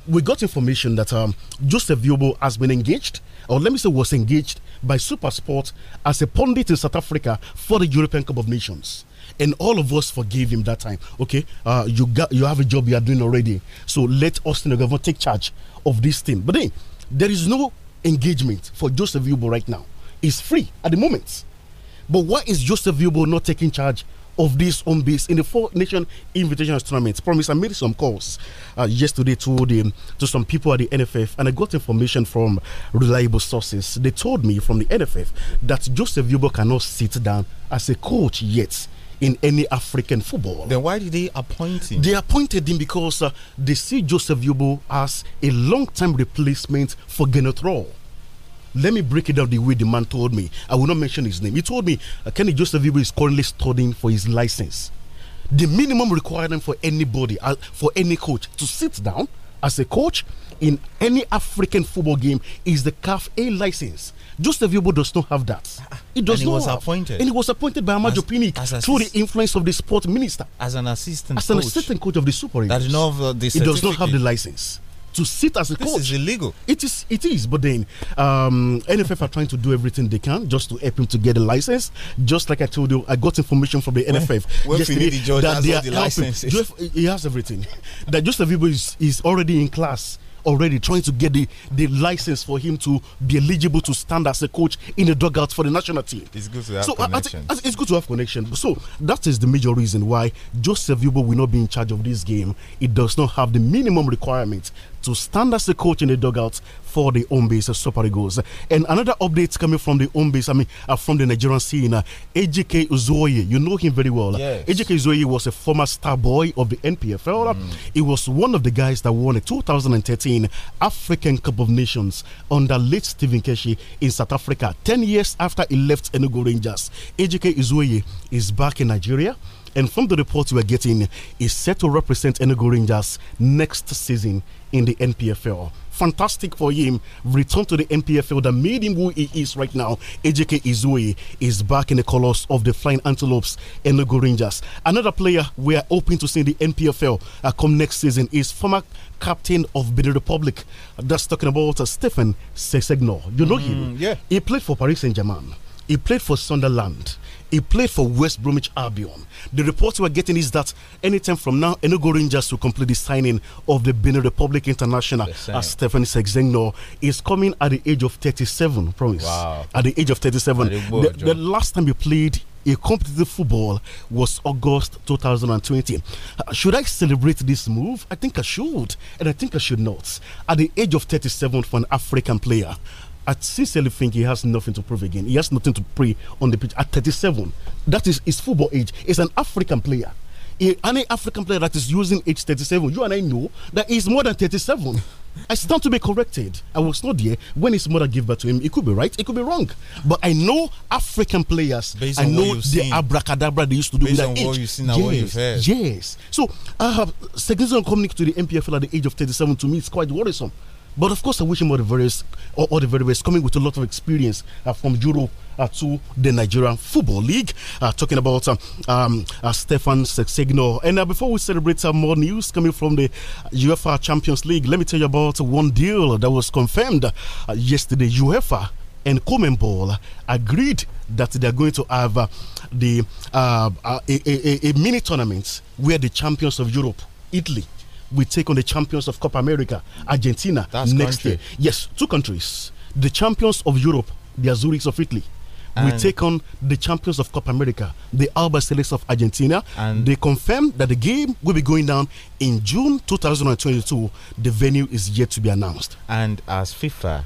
Speaker 18: we got information that um, Joseph Yobo has been engaged, or let me say, was engaged by Supersport as a pundit in South Africa for the European Cup of Nations and all of us forgave him that time. Okay, uh, you got you have a job you are doing already, so let Austin Ogovo take charge of this team. But then there is no engagement for Joseph Yubo right now. It's free at the moment. But why is Joseph Yubo not taking charge of this home base in the Four Nation Invitation Tournament. Promise, I made some calls uh, yesterday to the to some people at the NFF, and I got information from reliable sources. They told me from the NFF that Joseph Yubo cannot sit down as a coach yet in any African football. Then why did they appoint him? They appointed him because uh, they see Joseph Yobo as a long-time replacement for Gennett Rowe. Let me break it down the way the man told me. I will not mention his name. He told me uh, Kenny Joseph Yobo is currently studying for his license. The minimum requirement for anybody, uh, for any coach, to sit down as a coach in any African football game is the CAF A license. Joseph Yobo does not have that.
Speaker 3: Ah,
Speaker 10: ah.
Speaker 18: He does and he not. was appointed. And he was appointed by Amadio Pinnick through the influence of the sport minister.
Speaker 3: As an assistant As an coach. assistant coach of the Super Eagles. That is not the He does not have the license
Speaker 18: to sit as a this coach. is illegal. It is. It is. But then, um, NFF are trying to do everything they can just to help him to get a license. Just like I told you, I got information from the NFF well, yesterday the that they are the helping. He has everything. [LAUGHS] that Joseph Ibo is, is already in class already trying to get the, the license for him to be eligible to stand as a coach in the dugout for the national team.
Speaker 3: It's good to have so connection.
Speaker 18: it's good to have connection. So that is the major reason why Joseph Yubo will not be in charge of this game. It does not have the minimum requirements to stand as the coach in the dugout for the home base Super Eagles. And another update coming from the home base, I mean, uh, from the Nigerian scene, uh, AJK Uzoye. You know him very well. Yes. AJK Uzoye was a former star boy of the NPFL. Uh, mm. He was one of the guys that won the 2013 African Cup of Nations under late Stephen Keshi in South Africa. 10 years after he left Enugu Rangers, AJK Uzoye is back in Nigeria. And from the reports we're getting, is set to represent Enugu Rangers next season in the NPFL. Fantastic for him. Return to the NPFL that made him who he is right now. AJK Izue is back in the colors of the Flying Antelopes and the Rangers. Another player we are hoping to see in the NPFL uh, come next season is former captain of Benin Republic. That's talking about uh, Stephen Sesegno. You know mm, him? Yeah. He played for Paris Saint Germain, he played for Sunderland. He played for West Bromwich Albion. The reports we're getting is that anytime from now, Enugu Rangers will complete the signing of the Benin Republic International as Stephen Sexenor is coming at the age of 37. Promise. Wow. At the age of 37. The, the last time he played a competitive football was August 2020. Uh, should I celebrate this move? I think I should, and I think I should not. At the age of 37 for an African player, I sincerely think he has nothing to prove again. He has nothing to prove on the pitch at 37. That is his football age. He's an African player. any African player that is using age 37, you and I know that he's more than 37. [LAUGHS] I stand to be corrected. I was not there when his mother gave birth to him. It could be right, it could be wrong. But I know African players. Based I know the seen. abracadabra they used to do Based with that age. Seen, yes, yes. So, have significant coming to the MPFL at the age of 37 to me is quite worrisome. But of course, I wish him all the various, all, all the very best, coming with a lot of experience uh, from Europe uh, to the Nigerian Football League. Uh, talking about um, um, uh, Stefan Segno. And uh, before we celebrate some uh, more news coming from the UEFA Champions League, let me tell you about one deal that was confirmed uh, yesterday. UEFA and Ball agreed that they are going to have uh, the uh, a, a, a, mini tournament where the champions of Europe, Italy, will take on the champions of Copa America, Argentina, That's next country. year. Yes, two countries. The champions of Europe, the Azurics of Italy, and we take on the champions of Copa America, the Alba Celeste of Argentina. And they confirmed that the game will be going down in June 2022. The venue is yet to be announced.
Speaker 3: And as FIFA,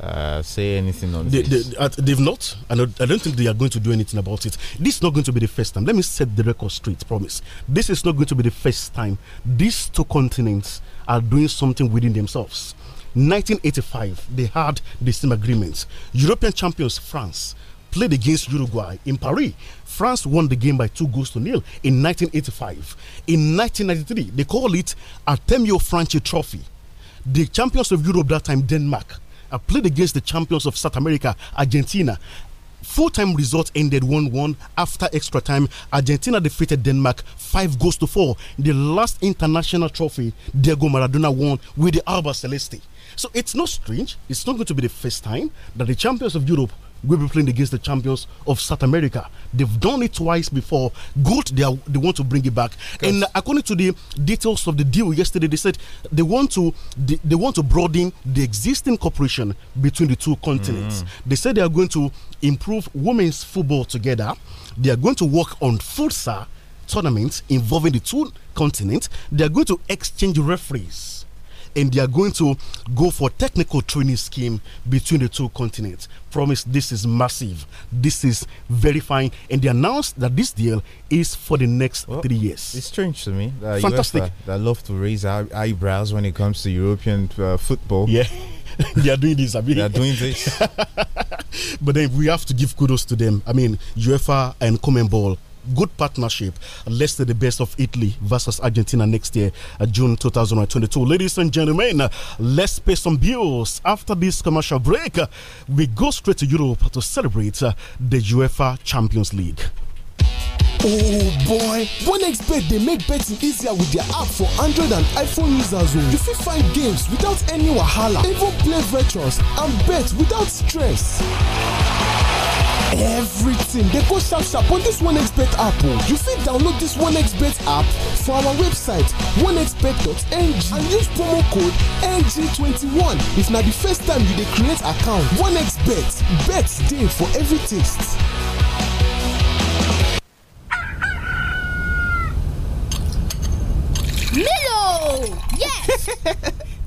Speaker 3: uh, say anything on they, this? They, have not, and
Speaker 18: I don't think they are going to do anything about it. This is not going to be the first time. Let me set the record straight, promise. This is not going to be the first time these two continents are doing something within themselves. 1985, they had the same agreement. European champions France played against Uruguay in Paris. France won the game by two goals to nil in 1985. In 1993, they call it Artemio Franchi Trophy. The champions of Europe that time, Denmark, uh, played against the champions of South America, Argentina. Full time result ended 1 1 after extra time. Argentina defeated Denmark 5 goals to 4. The last international trophy Diego Maradona won with the Alba Celeste. So it's not strange, it's not going to be the first time that the champions of Europe will be playing against the champions of South America. They've done it twice before. Good, they, are, they want to bring it back. Yes. And according to the details of the deal yesterday, they said they want to they, they want to broaden the existing cooperation between the two continents. Mm. They said they are going to improve women's football together. They are going to work on futsal tournaments involving the two continents. They are going to exchange referees and they are going to go for technical training scheme between the two continents. Promise this is massive. This is very fine, and they announced that this deal is for the next well, three years. It's
Speaker 3: strange to me. That Fantastic. UEFA, love to raise eyebrows when it comes to European uh, football. Yeah. [LAUGHS] they are doing this. I mean, they are doing this. [LAUGHS] but then we have to give
Speaker 18: kudos to them. I mean, UEFA and Common Ball good partnership. Let's say the best of Italy versus Argentina next year, uh, June 2022. Ladies and gentlemen, uh, let's pay some bills. After this commercial break, uh, we go straight to Europe to celebrate uh, the UEFA Champions League.
Speaker 10: Oh boy! OneXBet They make betting easier with their app for Android and iPhone users o. Oh. You fit find games without any wahala, even play virtuals and bet without stress everything dey go sharp sharp on this onexbet app o oh, you fit download this onexbet app for our website onexbet.ng and use promo code ng21 if na the first time you dey create account onexbet bet dey for every taste.
Speaker 3: Milo! Yes! [LAUGHS]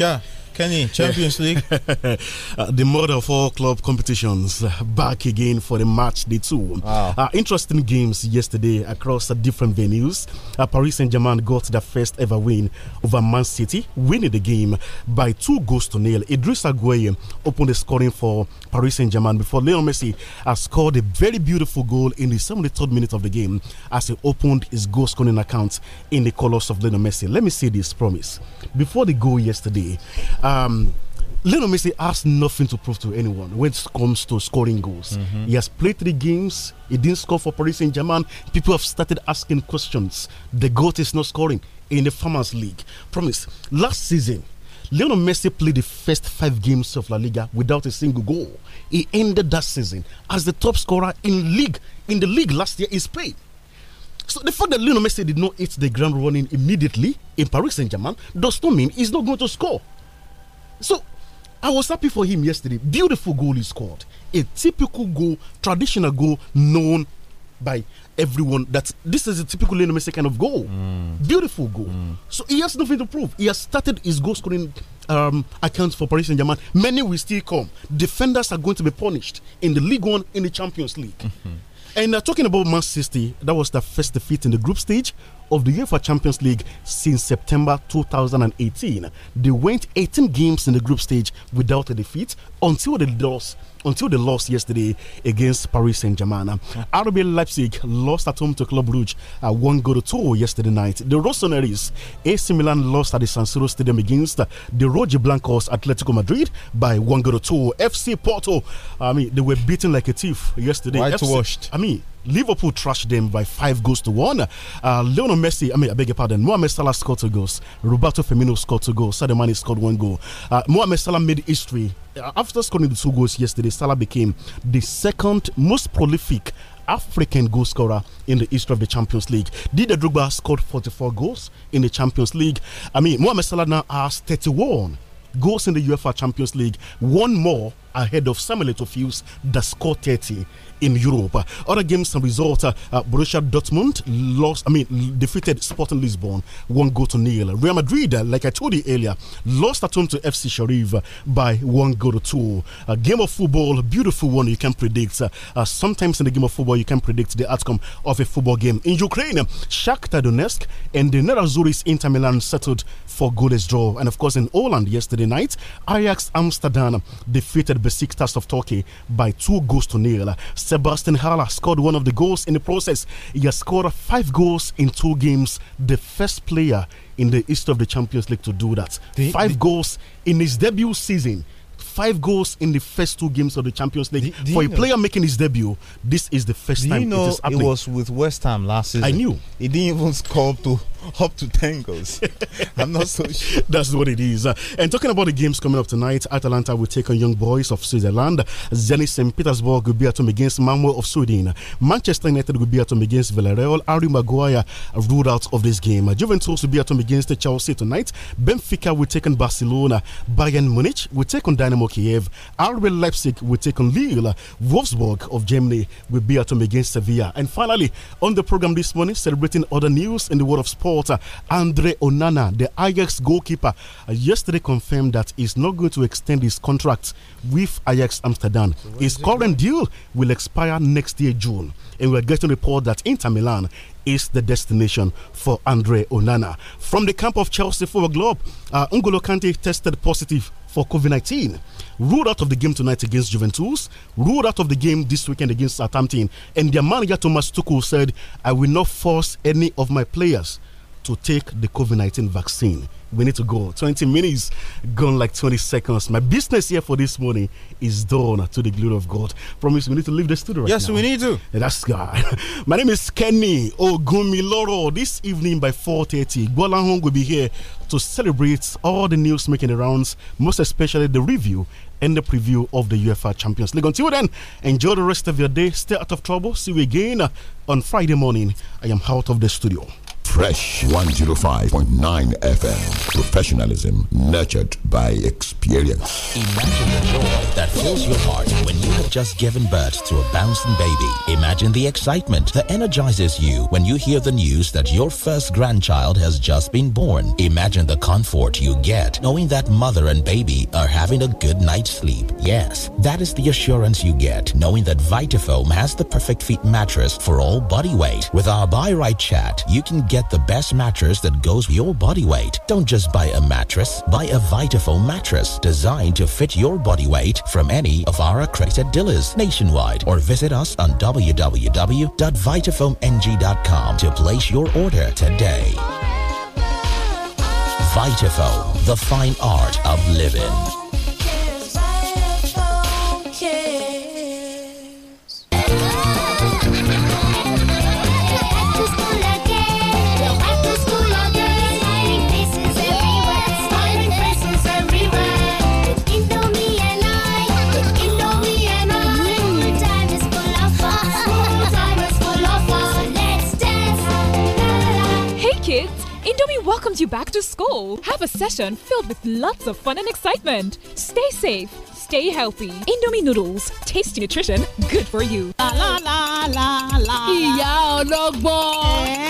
Speaker 3: Yeah, Kenny, Champions League. [LAUGHS] uh, the mother
Speaker 18: of all club competitions uh, back again for the match day two. Wow. Uh, interesting games yesterday across uh, different venues. Uh, Paris Saint Germain got their first ever win over Man City, winning the game by two goals to nil. Idris Aguaye opened the scoring for Paris Saint Germain before Lionel Messi has scored a very beautiful goal in the 73rd minute of the game as he opened his goal scoring account in the colors of Lionel Messi. Let me say this promise. Before the goal yesterday, uh, um, Messi has nothing to prove to anyone when it comes to scoring goals. Mm -hmm. He has played three games. He didn't score for Paris Saint Germain. People have started asking questions. The goat is not scoring in the Farmers League. Promise. Last season, Lionel Messi played the first five games of La Liga without a single goal. He ended that season as the top scorer in league in the league last year in Spain. So the fact that Lionel Messi did not hit the ground running immediately in Paris Saint Germain does not mean he's not going to score. So I was happy for him yesterday. Beautiful goal he scored. A typical goal, traditional goal known by everyone that this is a typical Lionel Messi kind of goal. Mm. Beautiful goal. Mm. So he has nothing to prove. He has started his goal scoring um, accounts for Paris Saint Germain. Many will still come. Defenders are going to be punished in the League One, in the Champions League. Mm -hmm. And uh, talking about Manchester, City, that was their first defeat in the group stage of the UEFA Champions League since September 2018. They went 18 games in the group stage without a defeat until the loss until they lost yesterday against Paris Saint Germain. Okay. RB Leipzig lost at home to Club Brugge uh, one goal to two yesterday night. The Rossoneri's AC Milan lost at the San Siro Stadium against uh, the Roger Blancos Atletico Madrid by one goal to two. FC Porto, I mean, they were beaten like a thief yesterday. White FC, I mean, Liverpool trashed them by five goals to one. Uh, Lionel Messi, I mean, I beg your pardon, Mohamed Salah scored two goals. Roberto Firmino scored two goals. Sadio Mane scored one goal. Uh, Mohamed Salah made history. Uh, after scoring the two goals yesterday, Salah became the second most prolific African goal scorer in the history of the Champions League. Didier Drogba scored 44 goals in the Champions League. I mean, Mohamed Salah now has 31 goals in the UEFA Champions League, one more ahead of Samuel Etofius that scored 30 in Europe. Other games some results uh, uh, Borussia Dortmund lost, I mean, defeated Sporting Lisbon one goal to nil. Real Madrid, uh, like I told you earlier, lost at home to FC Sharif by one goal to two. A game of football, beautiful one you can predict. sometimes in the game of football, you can predict the outcome of a football game. In Ukraine, Shakhtar Donetsk and the Nerazzurri's Inter Milan settled for goalless draw. And of course, in Holland yesterday night, Ajax Amsterdam defeated Besiktas of Turkey by two goals to nil. Sebastian Haller scored one of the goals in the process. He has scored five goals in two games, the first player in the East of the Champions League to do that. The, five the, goals in his debut season five goals in the first two games of the Champions League. Do, do For a know, player making his debut, this is the first do time you know it is It was with West Ham last season. I knew. He didn't even score to [LAUGHS] up to 10 goals. [LAUGHS] I'm not so sure. That's what it is. Uh, and talking about the games coming up tonight, Atalanta will take on Young Boys of Switzerland. Zenit St. Petersburg will be at home against Malmo of Sweden. Manchester United will be at home against Villarreal. Harry Maguire ruled out of this game. Juventus will be at home against Chelsea tonight. Benfica will take on Barcelona. Bayern Munich will take on Dynamo Kiev. RB Leipzig will take on Lille. Wolfsburg of Germany will be at home against Sevilla. And finally, on the program this morning, celebrating other news in the world of sport. Andre Onana, the Ajax goalkeeper, yesterday confirmed that he's not going to extend his contract with Ajax Amsterdam. So his current deal will expire next year, June. And we're getting report that Inter Milan is the destination for Andre Onana. From the camp of Chelsea Football globe, uh, Ungolo Kante tested positive for COVID 19. Ruled out of the game tonight against Juventus, ruled out of the game this weekend against Southampton. And their manager Thomas Tuchel said, I will not force any of my players to take the COVID 19 vaccine. We need to go. 20 minutes gone like 20 seconds. My business here for this morning is done to the glory of God. Promise we need to leave the studio right yes, now. we need to. Yeah, that's God. [LAUGHS] My name is Kenny Ogumiloro. This evening by 4.30, Hong will be here to celebrate all the news making the rounds, most especially the review and the preview of the UEFA Champions League. Until then, enjoy the rest of your day. Stay out of trouble. See you again on Friday morning. I am out of the studio.
Speaker 17: Fresh 105.9 FM. Professionalism nurtured by experience.
Speaker 14: Imagine the joy that fills your heart when you have just given birth to a bouncing baby. Imagine the excitement that energizes you when you hear the news that your first grandchild has just been born. Imagine the comfort you get knowing that mother and baby are having a good night's sleep. Yes, that is the assurance you get knowing that Vitafoam has the perfect fit mattress for all body weight. With our Buy Right Chat, you can get get the best mattress that goes with your body weight. Don't just buy a mattress, buy a Vitafoam mattress designed to fit your body weight from any of our accredited dealers nationwide or visit us on www.vitafoamng.com to place your order today. Vitafoam, the fine art of living.
Speaker 11: welcomes you back to school. Have a session filled with lots of fun and excitement. Stay safe, stay healthy. Indomie noodles, tasty nutrition, good for you. La
Speaker 9: la la la la. Yeah, Ìyá ọlọ́gbọ́n.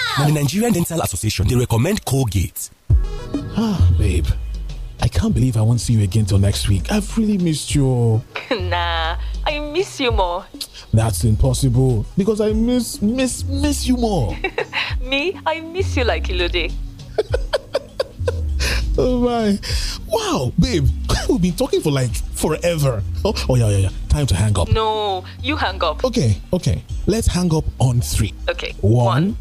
Speaker 12: Now, the
Speaker 10: Nigerian Dental Association, they recommend Colgate. Ah, babe. I can't believe I won't see you again till next week. I've really missed you.
Speaker 11: [LAUGHS] nah, I miss you more.
Speaker 12: That's impossible because I miss, miss, miss you more.
Speaker 11: [LAUGHS] Me, I miss you like Ilode.
Speaker 12: [LAUGHS] oh my. Wow, babe, we've been talking for like forever. Oh, oh, yeah, yeah, yeah. Time to hang up. No, you hang up. Okay, okay. Let's hang up on three. Okay. One. One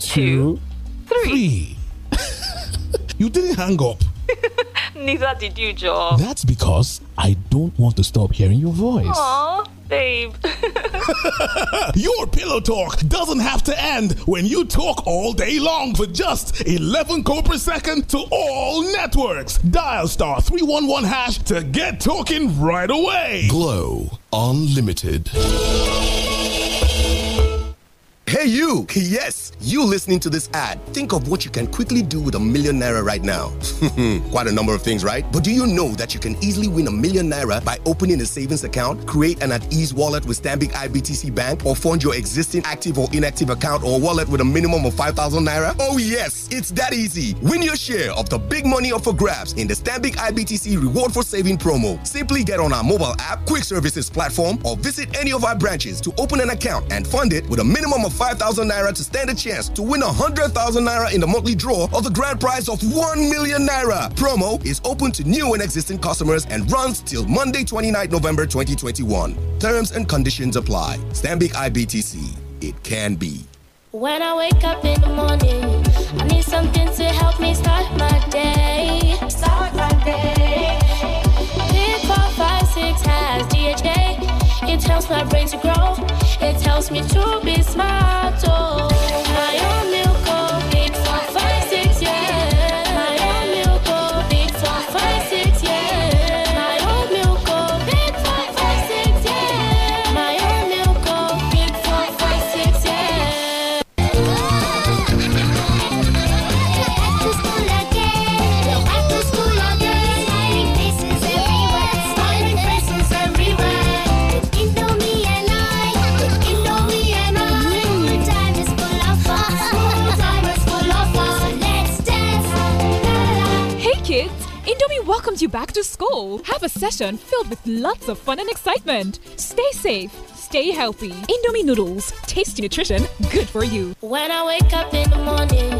Speaker 12: two,
Speaker 19: three. [LAUGHS] you didn't hang up.
Speaker 6: [LAUGHS] Neither did you, Joe. That's
Speaker 19: because I don't want to stop hearing your voice.
Speaker 6: Aww, babe.
Speaker 12: [LAUGHS] your pillow talk doesn't have to end when you talk all day long for just 11 co per second to all networks. Dial star 311
Speaker 13: hash to get talking right away. Glow Unlimited. Hey, you! Yes, you listening to this ad. Think of what you can quickly do with a million naira right now. [LAUGHS] Quite a number of things, right? But do you know that you can easily win a million naira by opening a savings account, create an at ease wallet with Stanbic IBTC Bank, or fund your existing active or inactive account or wallet with a minimum of 5,000 naira? Oh, yes, it's that easy. Win your share of the big money up for grabs in the Stanbic IBTC Reward for Saving promo. Simply get on our mobile app, quick services platform, or visit any of our branches to open an account and fund it with a minimum of 5,000 naira to stand a chance to win 100,000 naira in the monthly draw of the grand prize of 1 million naira. Promo is open to new and existing customers and runs till Monday, 29 November 2021. Terms and conditions apply. Stanbic IBTC. It can be.
Speaker 15: When I wake up in the morning, I need something to help me start my day. Start my day. It helps my brain to grow. It helps me to be smart. Oh, I
Speaker 11: you back to school. Have a session filled with lots of fun and excitement. Stay safe, stay healthy. Indomie noodles, tasty nutrition, good for you. When I wake up in the morning,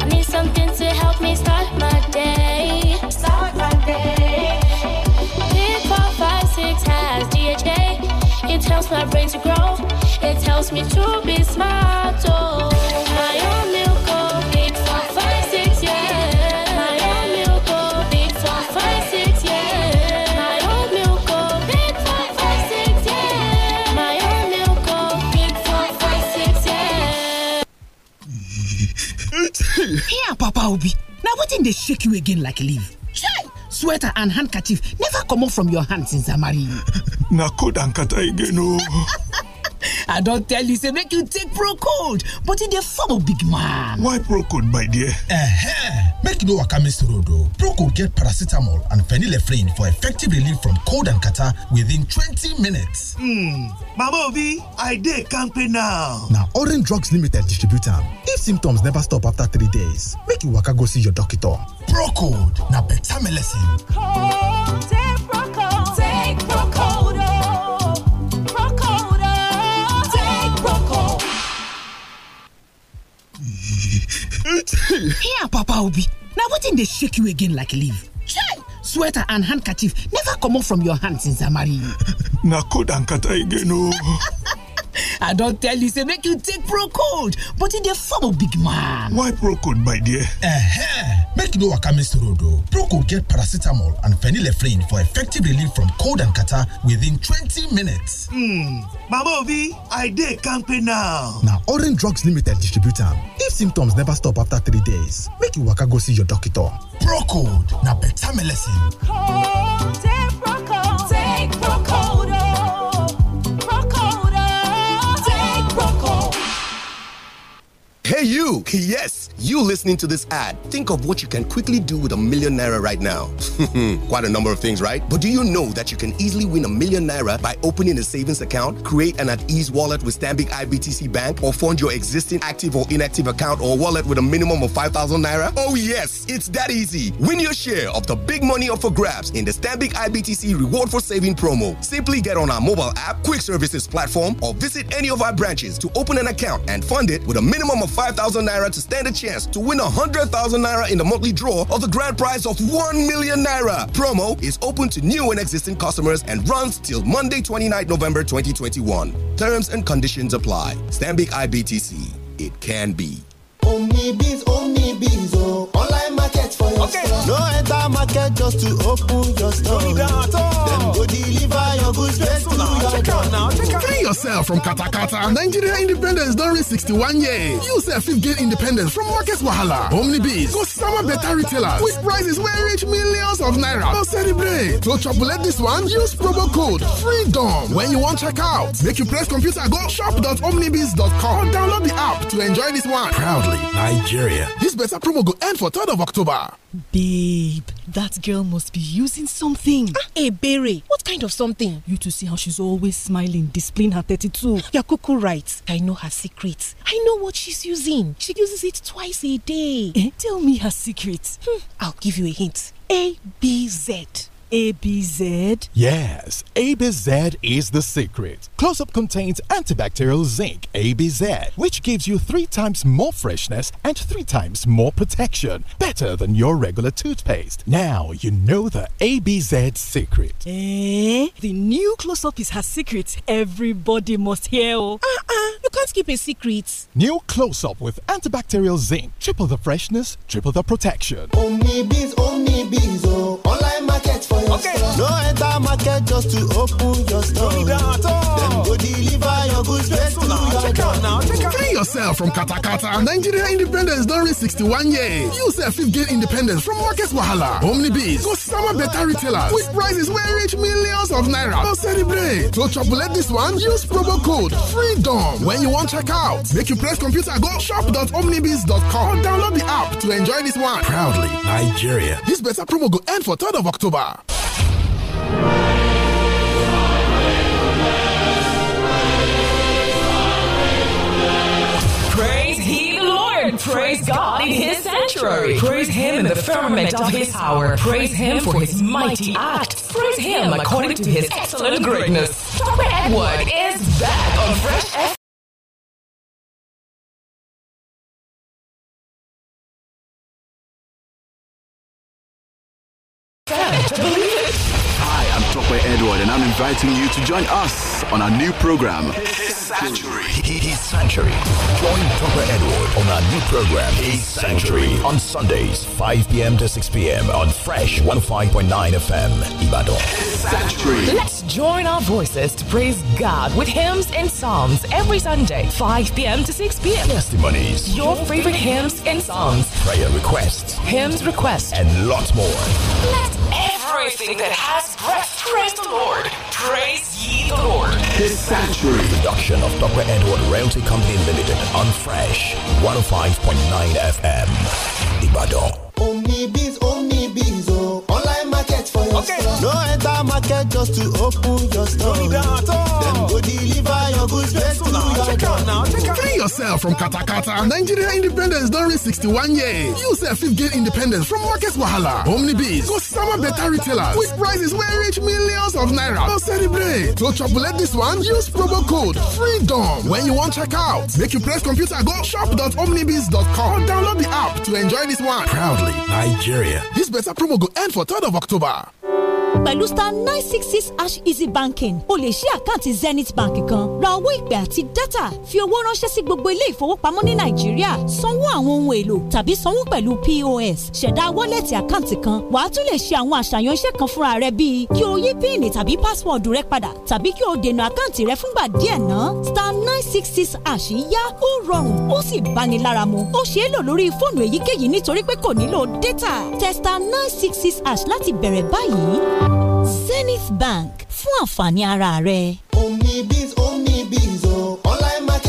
Speaker 11: I need something to help me start my day. Start my day.
Speaker 15: Pick four, five, six has DHA. It helps my brain to grow. It helps me to be smart. Oh.
Speaker 9: papa obi na wetin dey shake you again like leaf chai sweater and handkerchief never comot from your hand since i marry you
Speaker 12: [LAUGHS] na cold and again
Speaker 16: i don't tell you say make you take Procode, but e the form a big man why Procode, my dear eh make you no waka miss road oh. Procode get paracetamol and phenylephrine for effective relief from cold and catar within 20 minutes hmm mama Ovi,
Speaker 14: i dey kampe now
Speaker 16: Now orange drugs limited distributor. if symptoms never stop after three days make you waka go see your doctor Procode. procold na beta melecine
Speaker 9: [LAUGHS] Here, Papa Obi. Now in dey shake you again like leaf? Chai! Sweater and handkerchief never come off from your hand since I marry you.
Speaker 12: Na cold and kata again oh. [LAUGHS]
Speaker 16: [LAUGHS] i don't tell you say make you take procold but e dey form of big man why procold my dear? eh make you no waka miss road o oh. procold get paracetamol and phenylephrine for effective relief from cold and catarrh within 20 minutes hmm mama obi i dey campaign now Now orange drugs limited Distributor. if symptoms never stop after three days make you waka go see your doctor procold na beta melecine
Speaker 13: Hey, you! [LAUGHS] Yes, you listening to this ad. Think of what you can quickly do with a million naira right now. [LAUGHS] Quite a number of things, right? But do you know that you can easily win a million naira by opening a savings account, create an at ease wallet with Stanbic IBTC Bank, or fund your existing active or inactive account or wallet with a minimum of 5,000 naira? Oh, yes, it's that easy. Win your share of the big money up for grabs in the Stanbic IBTC Reward for Saving promo. Simply get on our mobile app, quick services platform, or visit any of our branches to open an account and fund it with a minimum of 5,000 naira to stand a chance to win 100,000 naira in the monthly draw of the grand prize of 1 million naira. Promo is open to new and existing customers and runs till Monday, 29 November 2021. Terms and conditions apply. Stanbic IBTC. It can be.
Speaker 8: Only Beans, only Beans, oh. Online market okay. No enter market just to open your
Speaker 12: store. Then go deliver your goods straight to your door. Free yourself from katakata. Nigeria independence during 61 years. You sef fit gain independence from market wahala. OmniBiz go summer better retailers with prices where reach millions of naira. No celebrate. To chopulate this one, use promo code FREEDOM when you want check out. Make you press computer go shop.omnibiz.com. or download the app to enjoy this one. Proudly Nigeria. This better promo go end for 3rd of October. Babe, that girl must be using
Speaker 9: something. Ah, hey, eh, Berry, what kind of something? You to see how she's always smiling, displaying her 32. [LAUGHS] You're right. I know her secret. I know what she's using. She uses it twice a day. Eh? Tell me her secret. Hmm, I'll give you a hint. A B Z. A B Z?
Speaker 13: Yes, A B Z is the secret. Close-Up contains antibacterial zinc ABZ, which gives you three times more freshness and three times more protection. Better than your regular toothpaste. Now you know the ABZ secret. Eh?
Speaker 9: The new Close-Up is her secret. Everybody must hear. Oh. Uh-uh. You can't keep a secret.
Speaker 13: New Close-Up with antibacterial zinc. Triple the freshness, triple the protection.
Speaker 8: Only only oh.
Speaker 13: Online market for
Speaker 8: your okay. store. No enter market just to open your store. need that at all. Go deliver
Speaker 12: your goods straight to your door. Free yourself from katakata. Nigeria independence don 61 years. You a fifth gate independence from market wahala. Omnibs go summer better retailers with prices where reach millions of naira. No celebrate. To chopulate this one, use promo code FREEDOM when you want checkout. Make you press computer go shop.omnibs.com or download the app to enjoy this one. Proudly Nigeria. This better promo go end for 3rd of October.
Speaker 11: Praise God in his sanctuary. Praise him in the firmament of his power. Praise him for his mighty
Speaker 15: act. Praise him according to his excellent greatness. Dr. Edward is back on
Speaker 5: Fresh
Speaker 6: F. Hi,
Speaker 13: I'm Tokwe Edward, and I'm inviting you to join us on our new program. Sanctuary. His Sanctuary. Join Dr. Edward on our new program, His Sanctuary, on Sundays, 5 p.m. to 6 p.m. on Fresh 105.9 FM, Ibadan. His
Speaker 11: Sanctuary. Let's join our voices to praise God with hymns and psalms every Sunday, 5 p.m. to 6 p.m. Testimonies. Your favorite hymns and psalms,
Speaker 13: Prayer requests. Hymns requests. And lots more. Let
Speaker 11: everything that has breath praise the Lord. Praise ye the Lord.
Speaker 13: His Sanctuary. Production of Dr. Edward Realty Company Limited on Fresh 105.9 FM. Ibadan.
Speaker 8: oh, online okay. No enter market just to open your store. Then go deliver your goods
Speaker 12: straight to your check out Now, check out. Free yourself from katakata. Nigeria independence don reach 61 years. You sef fit gain independence from market wahala. Omnibees go sama better retailers with prices where reach millions of naira. No celebrate. To chopulate this one, use promo code FREEDOM when you want check out. Make you press computer go shop.omnibees.com or download the app to enjoy this one. Proudly Nigeria. This better promo go end for 3rd of October.
Speaker 15: pẹ̀lú star nine six six ash easy banking o lè ṣí àkáǹtì zenith bank kan ra owó ìpè àti dátà fi owó ránṣẹ́ sí gbogbo ilé ìfowópamọ́ ní nàìjíríà sanwó àwọn ohun èlò tàbí sanwó pẹ̀lú pos ṣẹ̀dá wọ́lẹ̀tì àkáǹtì kan wàá tún lè ṣe àwọn àṣàyàn iṣẹ́ kan fúnra rẹ bíi kí o yí píìnì tàbí pásíwọ̀dù rẹ padà tàbí kí o dènà àkáǹtì rẹ fúngbà díẹ̀ ná star nine six six ash yá ó rọrùn ó sì bani lára mu ó ṣeé lò lórí fóònù èyíkéyìí nítorí pé kò nílò dátà tẹ star nine six six ash láti bẹ̀rẹ̀ báyìí. Zenith Bank fún àǹfààní ara rẹ.
Speaker 8: omi beans omi beans o online market.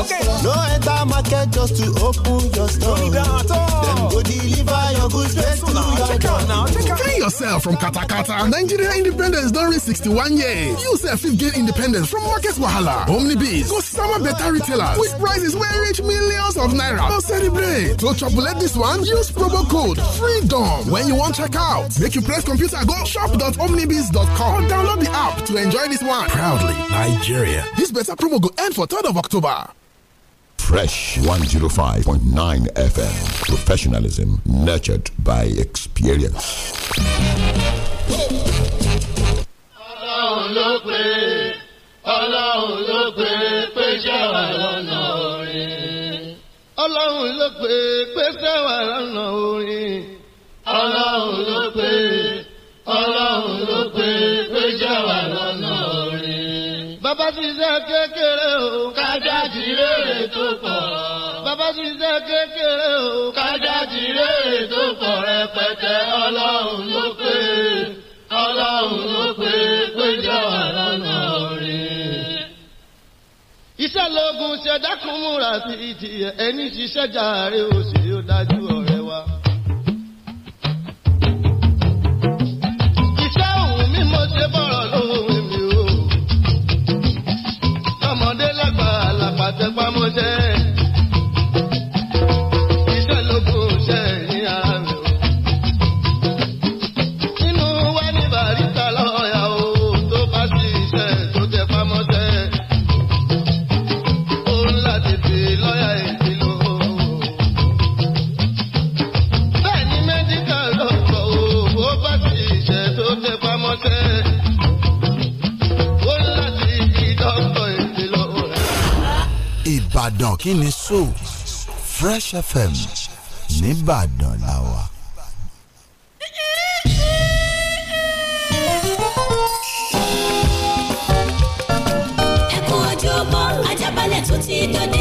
Speaker 8: okay. no enter market just to open your store
Speaker 12: dem go deliver your goods straight to your door free yourself from katakata nigeria independence during 61 years you a fit gain independence from market wahala omnibees go summer better retailers with prices wey reach millions of naira no celebrate to chopulate this one use promo code freedom when you want check out make you press computer go shop.omnibees.com or download the app to enjoy this one proudly nigeria This better promo go end for 3rd of october
Speaker 17: Fresh 105.9 FM. Professionalism nurtured by experience.
Speaker 8: Ọlọ́run ló pé Ọlọ́run ló pé péjọ wà lọ́nà orin. Ọlọ́run ló pé péjọ lọ́nà orin. Ọlọ́run ló pé Ọlọ́run ló pé. bàbá ṣiṣẹ́ kékeré o kájà jírèrè tó pọ̀. bàbá ṣiṣẹ́ kékeré o kájà jírèrè tó pọ̀ rẹpẹtẹ ọlọ́run ló pé ọlọ́run ló pé péjọ àlọ́nà orin. iṣẹ́ lóògùn ṣẹ̀dá kún múra sí ìtì ẹni ṣiṣẹ́ jàre oṣù yóò dájú ọ̀rẹ́ wa. iṣẹ́ òun mímọ́ ṣe bọ̀rọ̀ lóhùn. jẹ́.
Speaker 10: kíni so Fresh FM nìbàdàn la wà.
Speaker 15: ẹ kú ojúbọ Ajábalẹ̀ tó ti dòde.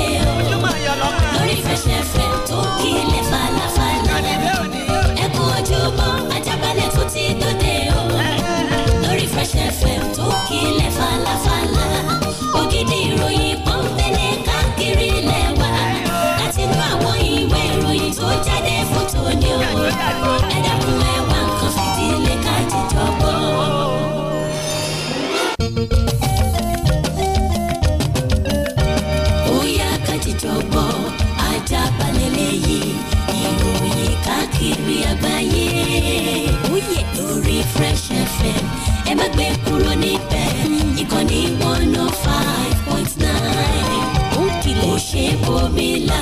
Speaker 15: káàkiri àgbáyé. Oyè lórí Fresh FM ẹ má gbé kúrò níbẹ̀ ìkànnì one oh five point nine. Ó kìlọ̀ ṣe bòmílà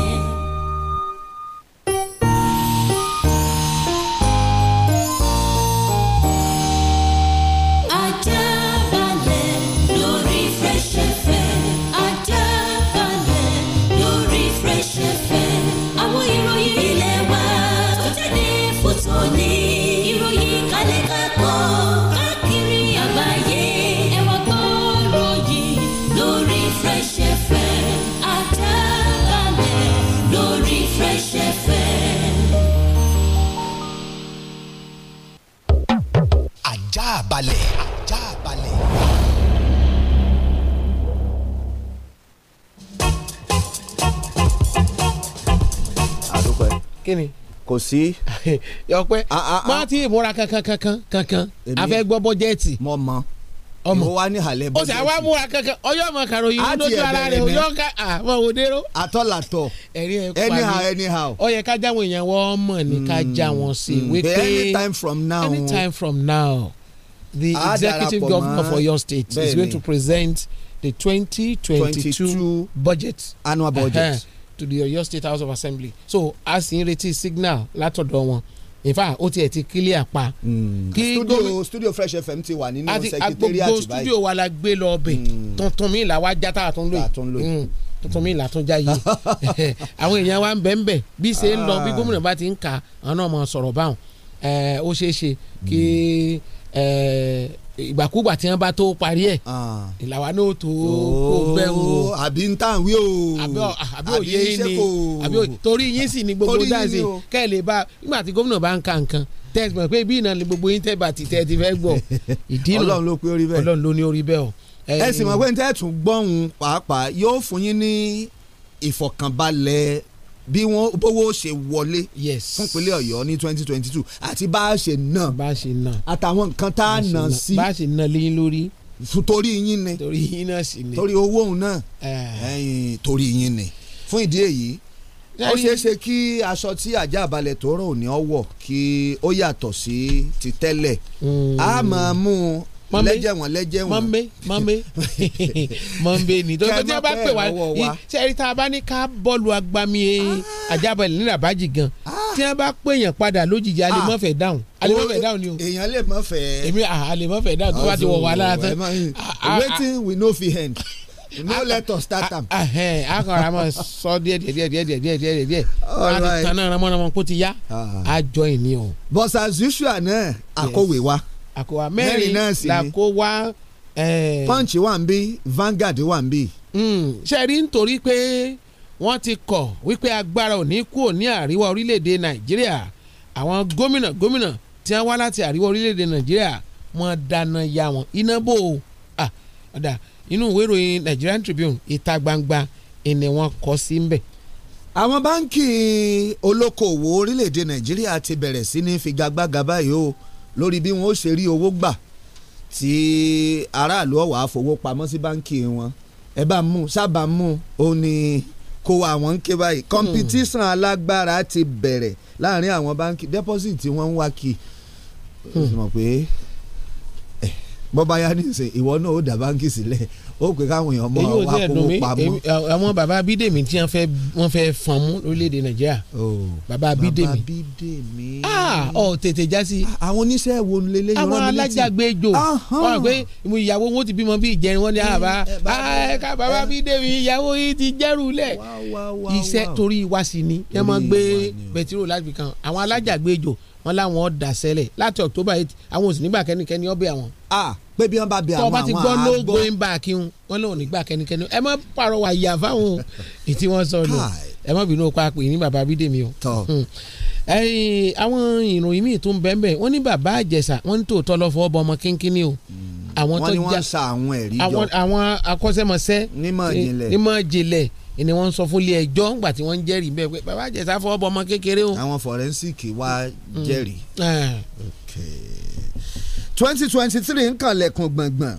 Speaker 20: sí.
Speaker 19: ọpẹ má ti múra kankan kankan kankan afẹ gbọ
Speaker 20: bọjẹẹti. mo mọ ọmọ mo wá ní halẹ bọjẹẹti. ọsẹ àwa múra
Speaker 19: kankan ọyọ ọmọ karòyìn lójú ara rẹ ọyọ ká àmọ òdero. àtọ́làtọ̀ anyhow anyhow. ó ká já wọn èèyàn wọ́n mọ̀ ní ká hmm. já wọn sí hmm. wípé anytime from now. anytime from now the executive governor for your state is going to present the twenty twenty two budget. annual budget. Uh -huh to the Ọ̀yọ́ State House of Assembly so a sì ń retí signal látọ̀dọ̀ wọn in fact ó tiẹ̀ ti clear pa. Hmm. kí studio
Speaker 20: studio Fresh FM ti wà nínú secretariat báyìí gbogbo studio wa
Speaker 19: la gbé lọ ọbẹ̀ hmm. tuntun mi là wá já tá lóye hmm. tuntun mi là tún já yé [LAUGHS] àwọn èèyàn wa ń bẹ̀ ń bẹ̀ bí ṣe ń lọ bí ah. gómìnà bá ti ń kà àwọn náà mọ̀ sọ̀rọ̀ báwọn ó ṣeé ṣe kí. Mm ìgbàkúgbà tí wọn bá tó parí ẹ ah. ìlàwà náà tó kó oh, bẹ wo. àbí ń tàn wí o àbí òye ni àbí torí yín sì ni gbogbo dáhùn sí kẹ́ ẹ̀ lè bá nígbà tí gómìnà bá ń ka nǹkan tẹ́sí pé bí ìnáwó ni gbogbo yín tẹ́ bá ti tẹ́ ti fẹ́ gbọ́
Speaker 20: ìdí nù ọlọ́run ló pé orí bẹ́ẹ̀ ọlọ́run ló ní orí bẹ́ẹ̀ o. ẹ mọ̀ pé ní tẹ́ẹ̀tù gbọ́hùn pàápàá yóò fún yín ní ìfọ̀kànbalẹ̀ bí wọ́n bówó ṣe wọlé fún ìpínlẹ̀ ọ̀yọ́ ní twenty twenty two àti bá a ṣe nà àtàwọn nǹkan tá a nà sí. bá a ṣe nà lẹ́yìn lórí. torí yín ni torí yín náà sì ni torí owó òun náà eh. torí yín ni fún ìdí èyí ó ṣeé ṣe kí aṣọ tí ajá balẹ̀ tó rọ̀ ní ọwọ́ kí ó yàtọ̀ sí ti tẹ́lẹ̀ hmm. a máa mú un lẹ́jẹ̀ wọn lẹ́jẹ̀ wọn. mọ́nbé mọ́nbé mọ́nbé ni tó tó tí wọ́n bá pè
Speaker 19: wá ṣe ẹ̀rí tá a bá ní ká bọ́ọ̀lù agbami àjábọ̀lẹ̀ e, ah. ní rabaji gan ah. tí wọ́n bá pè yàn padà lójijì alimọ́fẹ́ ah. dáhùn alimọ́fẹ́
Speaker 20: dáhùn ni o. èèyàn lè mọ́ fẹ́. èmi alimọ́fẹ́ dáhùn tó bá ti wọ̀ wá lára tán. wetin we no fit end [LAUGHS] no let us start
Speaker 19: am. Eh, a kàn ra mọ sọ díẹ̀ díẹ̀ díẹ̀ díẹ̀ díẹ̀ díẹ̀ díẹ̀ díẹ̀ a ti tan náà ramọ́ramọ́ kó ti
Speaker 20: yá a jọ ìní o. but as usual náà akọ̀wé wa àkọwà mẹ́rin la kó wá. punch wà ń bí Vanguard wà ń bí. Hmm. ṣe
Speaker 19: rí nítorí pé wọ́n ti kọ̀ wípé agbára ò ní kúrò ní àríwá orílẹ̀-èdè Nàìjíríà àwọn gómìnà gómìnà tí wọ́n wá láti àríwá orílẹ̀-èdè Nàìjíríà wọ́n dáná ya wọn iná bò ó ọ̀dà inú ìwé ìròyìn Nigerian Tribune ìta gbangba
Speaker 20: ìní wọn kọ sí ń bẹ̀. àwọn báńkì olókoòwò orílẹ̀-èdè Nàìjíríà ti bẹ̀rẹ̀ sí ní figagbága báyìí lórí bí wọn ó ṣe rí owó gbà tí aráàlú ọ̀wà àfowópamọ́ sí báǹkì wọn ẹ bá mú sábà mú ó ní kó àwọn ń ké báyìí hmm. competition alágbára ti bẹ̀rẹ̀ láàrin àwọn báǹkì deposit tí ń wá kì hmm. mọ̀ pé bọ́bá ní ìsìn ìwọ náà ó dá báǹkì sílẹ̀ ó pè káwọn èèyàn mọ wá kówó pamọ́.
Speaker 19: àwọn bàbá Bídèmí tí wọ́n fẹ́ fọ́n mú lórílẹ̀‐èdè Nàìjíríà bàbá
Speaker 20: Bídèmí
Speaker 19: ah, ọ tètè já sí.
Speaker 20: àwọn oníṣẹ́ wo ni lélẹ́ yọrọ mi létí. àwọn alájàgbéjò
Speaker 19: wọn pé ìyàwó wọn ti bímọ bí ìjẹrin wọn ni àbá ká bàbá eh. Bídèmí ìyàwó yìí ti jẹ́rù lẹ̀. iṣẹ́ torí wá sí ni ẹ máa gbé bẹtiró láti fi kan àwọn alájàgbéjò wọn láwọn ọ̀dà sẹ́lẹ̀ láti october eight àwọn ò sì nígbà kẹ́nikẹ́ni ọbẹ̀ àwọn. a pé bí wọn bá bẹ àwọn àwọn àgbọ. tọ́ bá ti gbọ́ no going back ń wọn lóun nígbà kẹ́nikẹ́ni ẹ má pàrọwà ìyá fáwọn ètí wọn sọ nù ẹ má bínú pa pè ní bàbá bídèmí o. tọ hmm. ẹyin àwọn ìròyìn míì tó ń bẹ́ẹ̀ bẹ́ẹ̀ wọ́n ní bàbá àjẹsà wọ́n ní tòótọ́ lọ fọwọ́ bọ ọmọ kínkínní
Speaker 20: o. Hmm. àwọn tó já
Speaker 19: àwọn akọ́ṣẹ́mọṣẹ́ nímọ̀ ìjìnlẹ̀ ni wọ́n ń sọ fún ilé ẹjọ́ ńgbà tí wọ́n ń jẹ́rìí bẹ́ẹ̀ pé bàbá àjẹsà fọwọ́ bọ ọmọ kékeré o.
Speaker 20: àwọn fọrẹ́nsìkì wá mm. jẹ́rìí. Eh. twenty twenty three ń kan lẹ̀kùn gbọ̀ngbọ̀n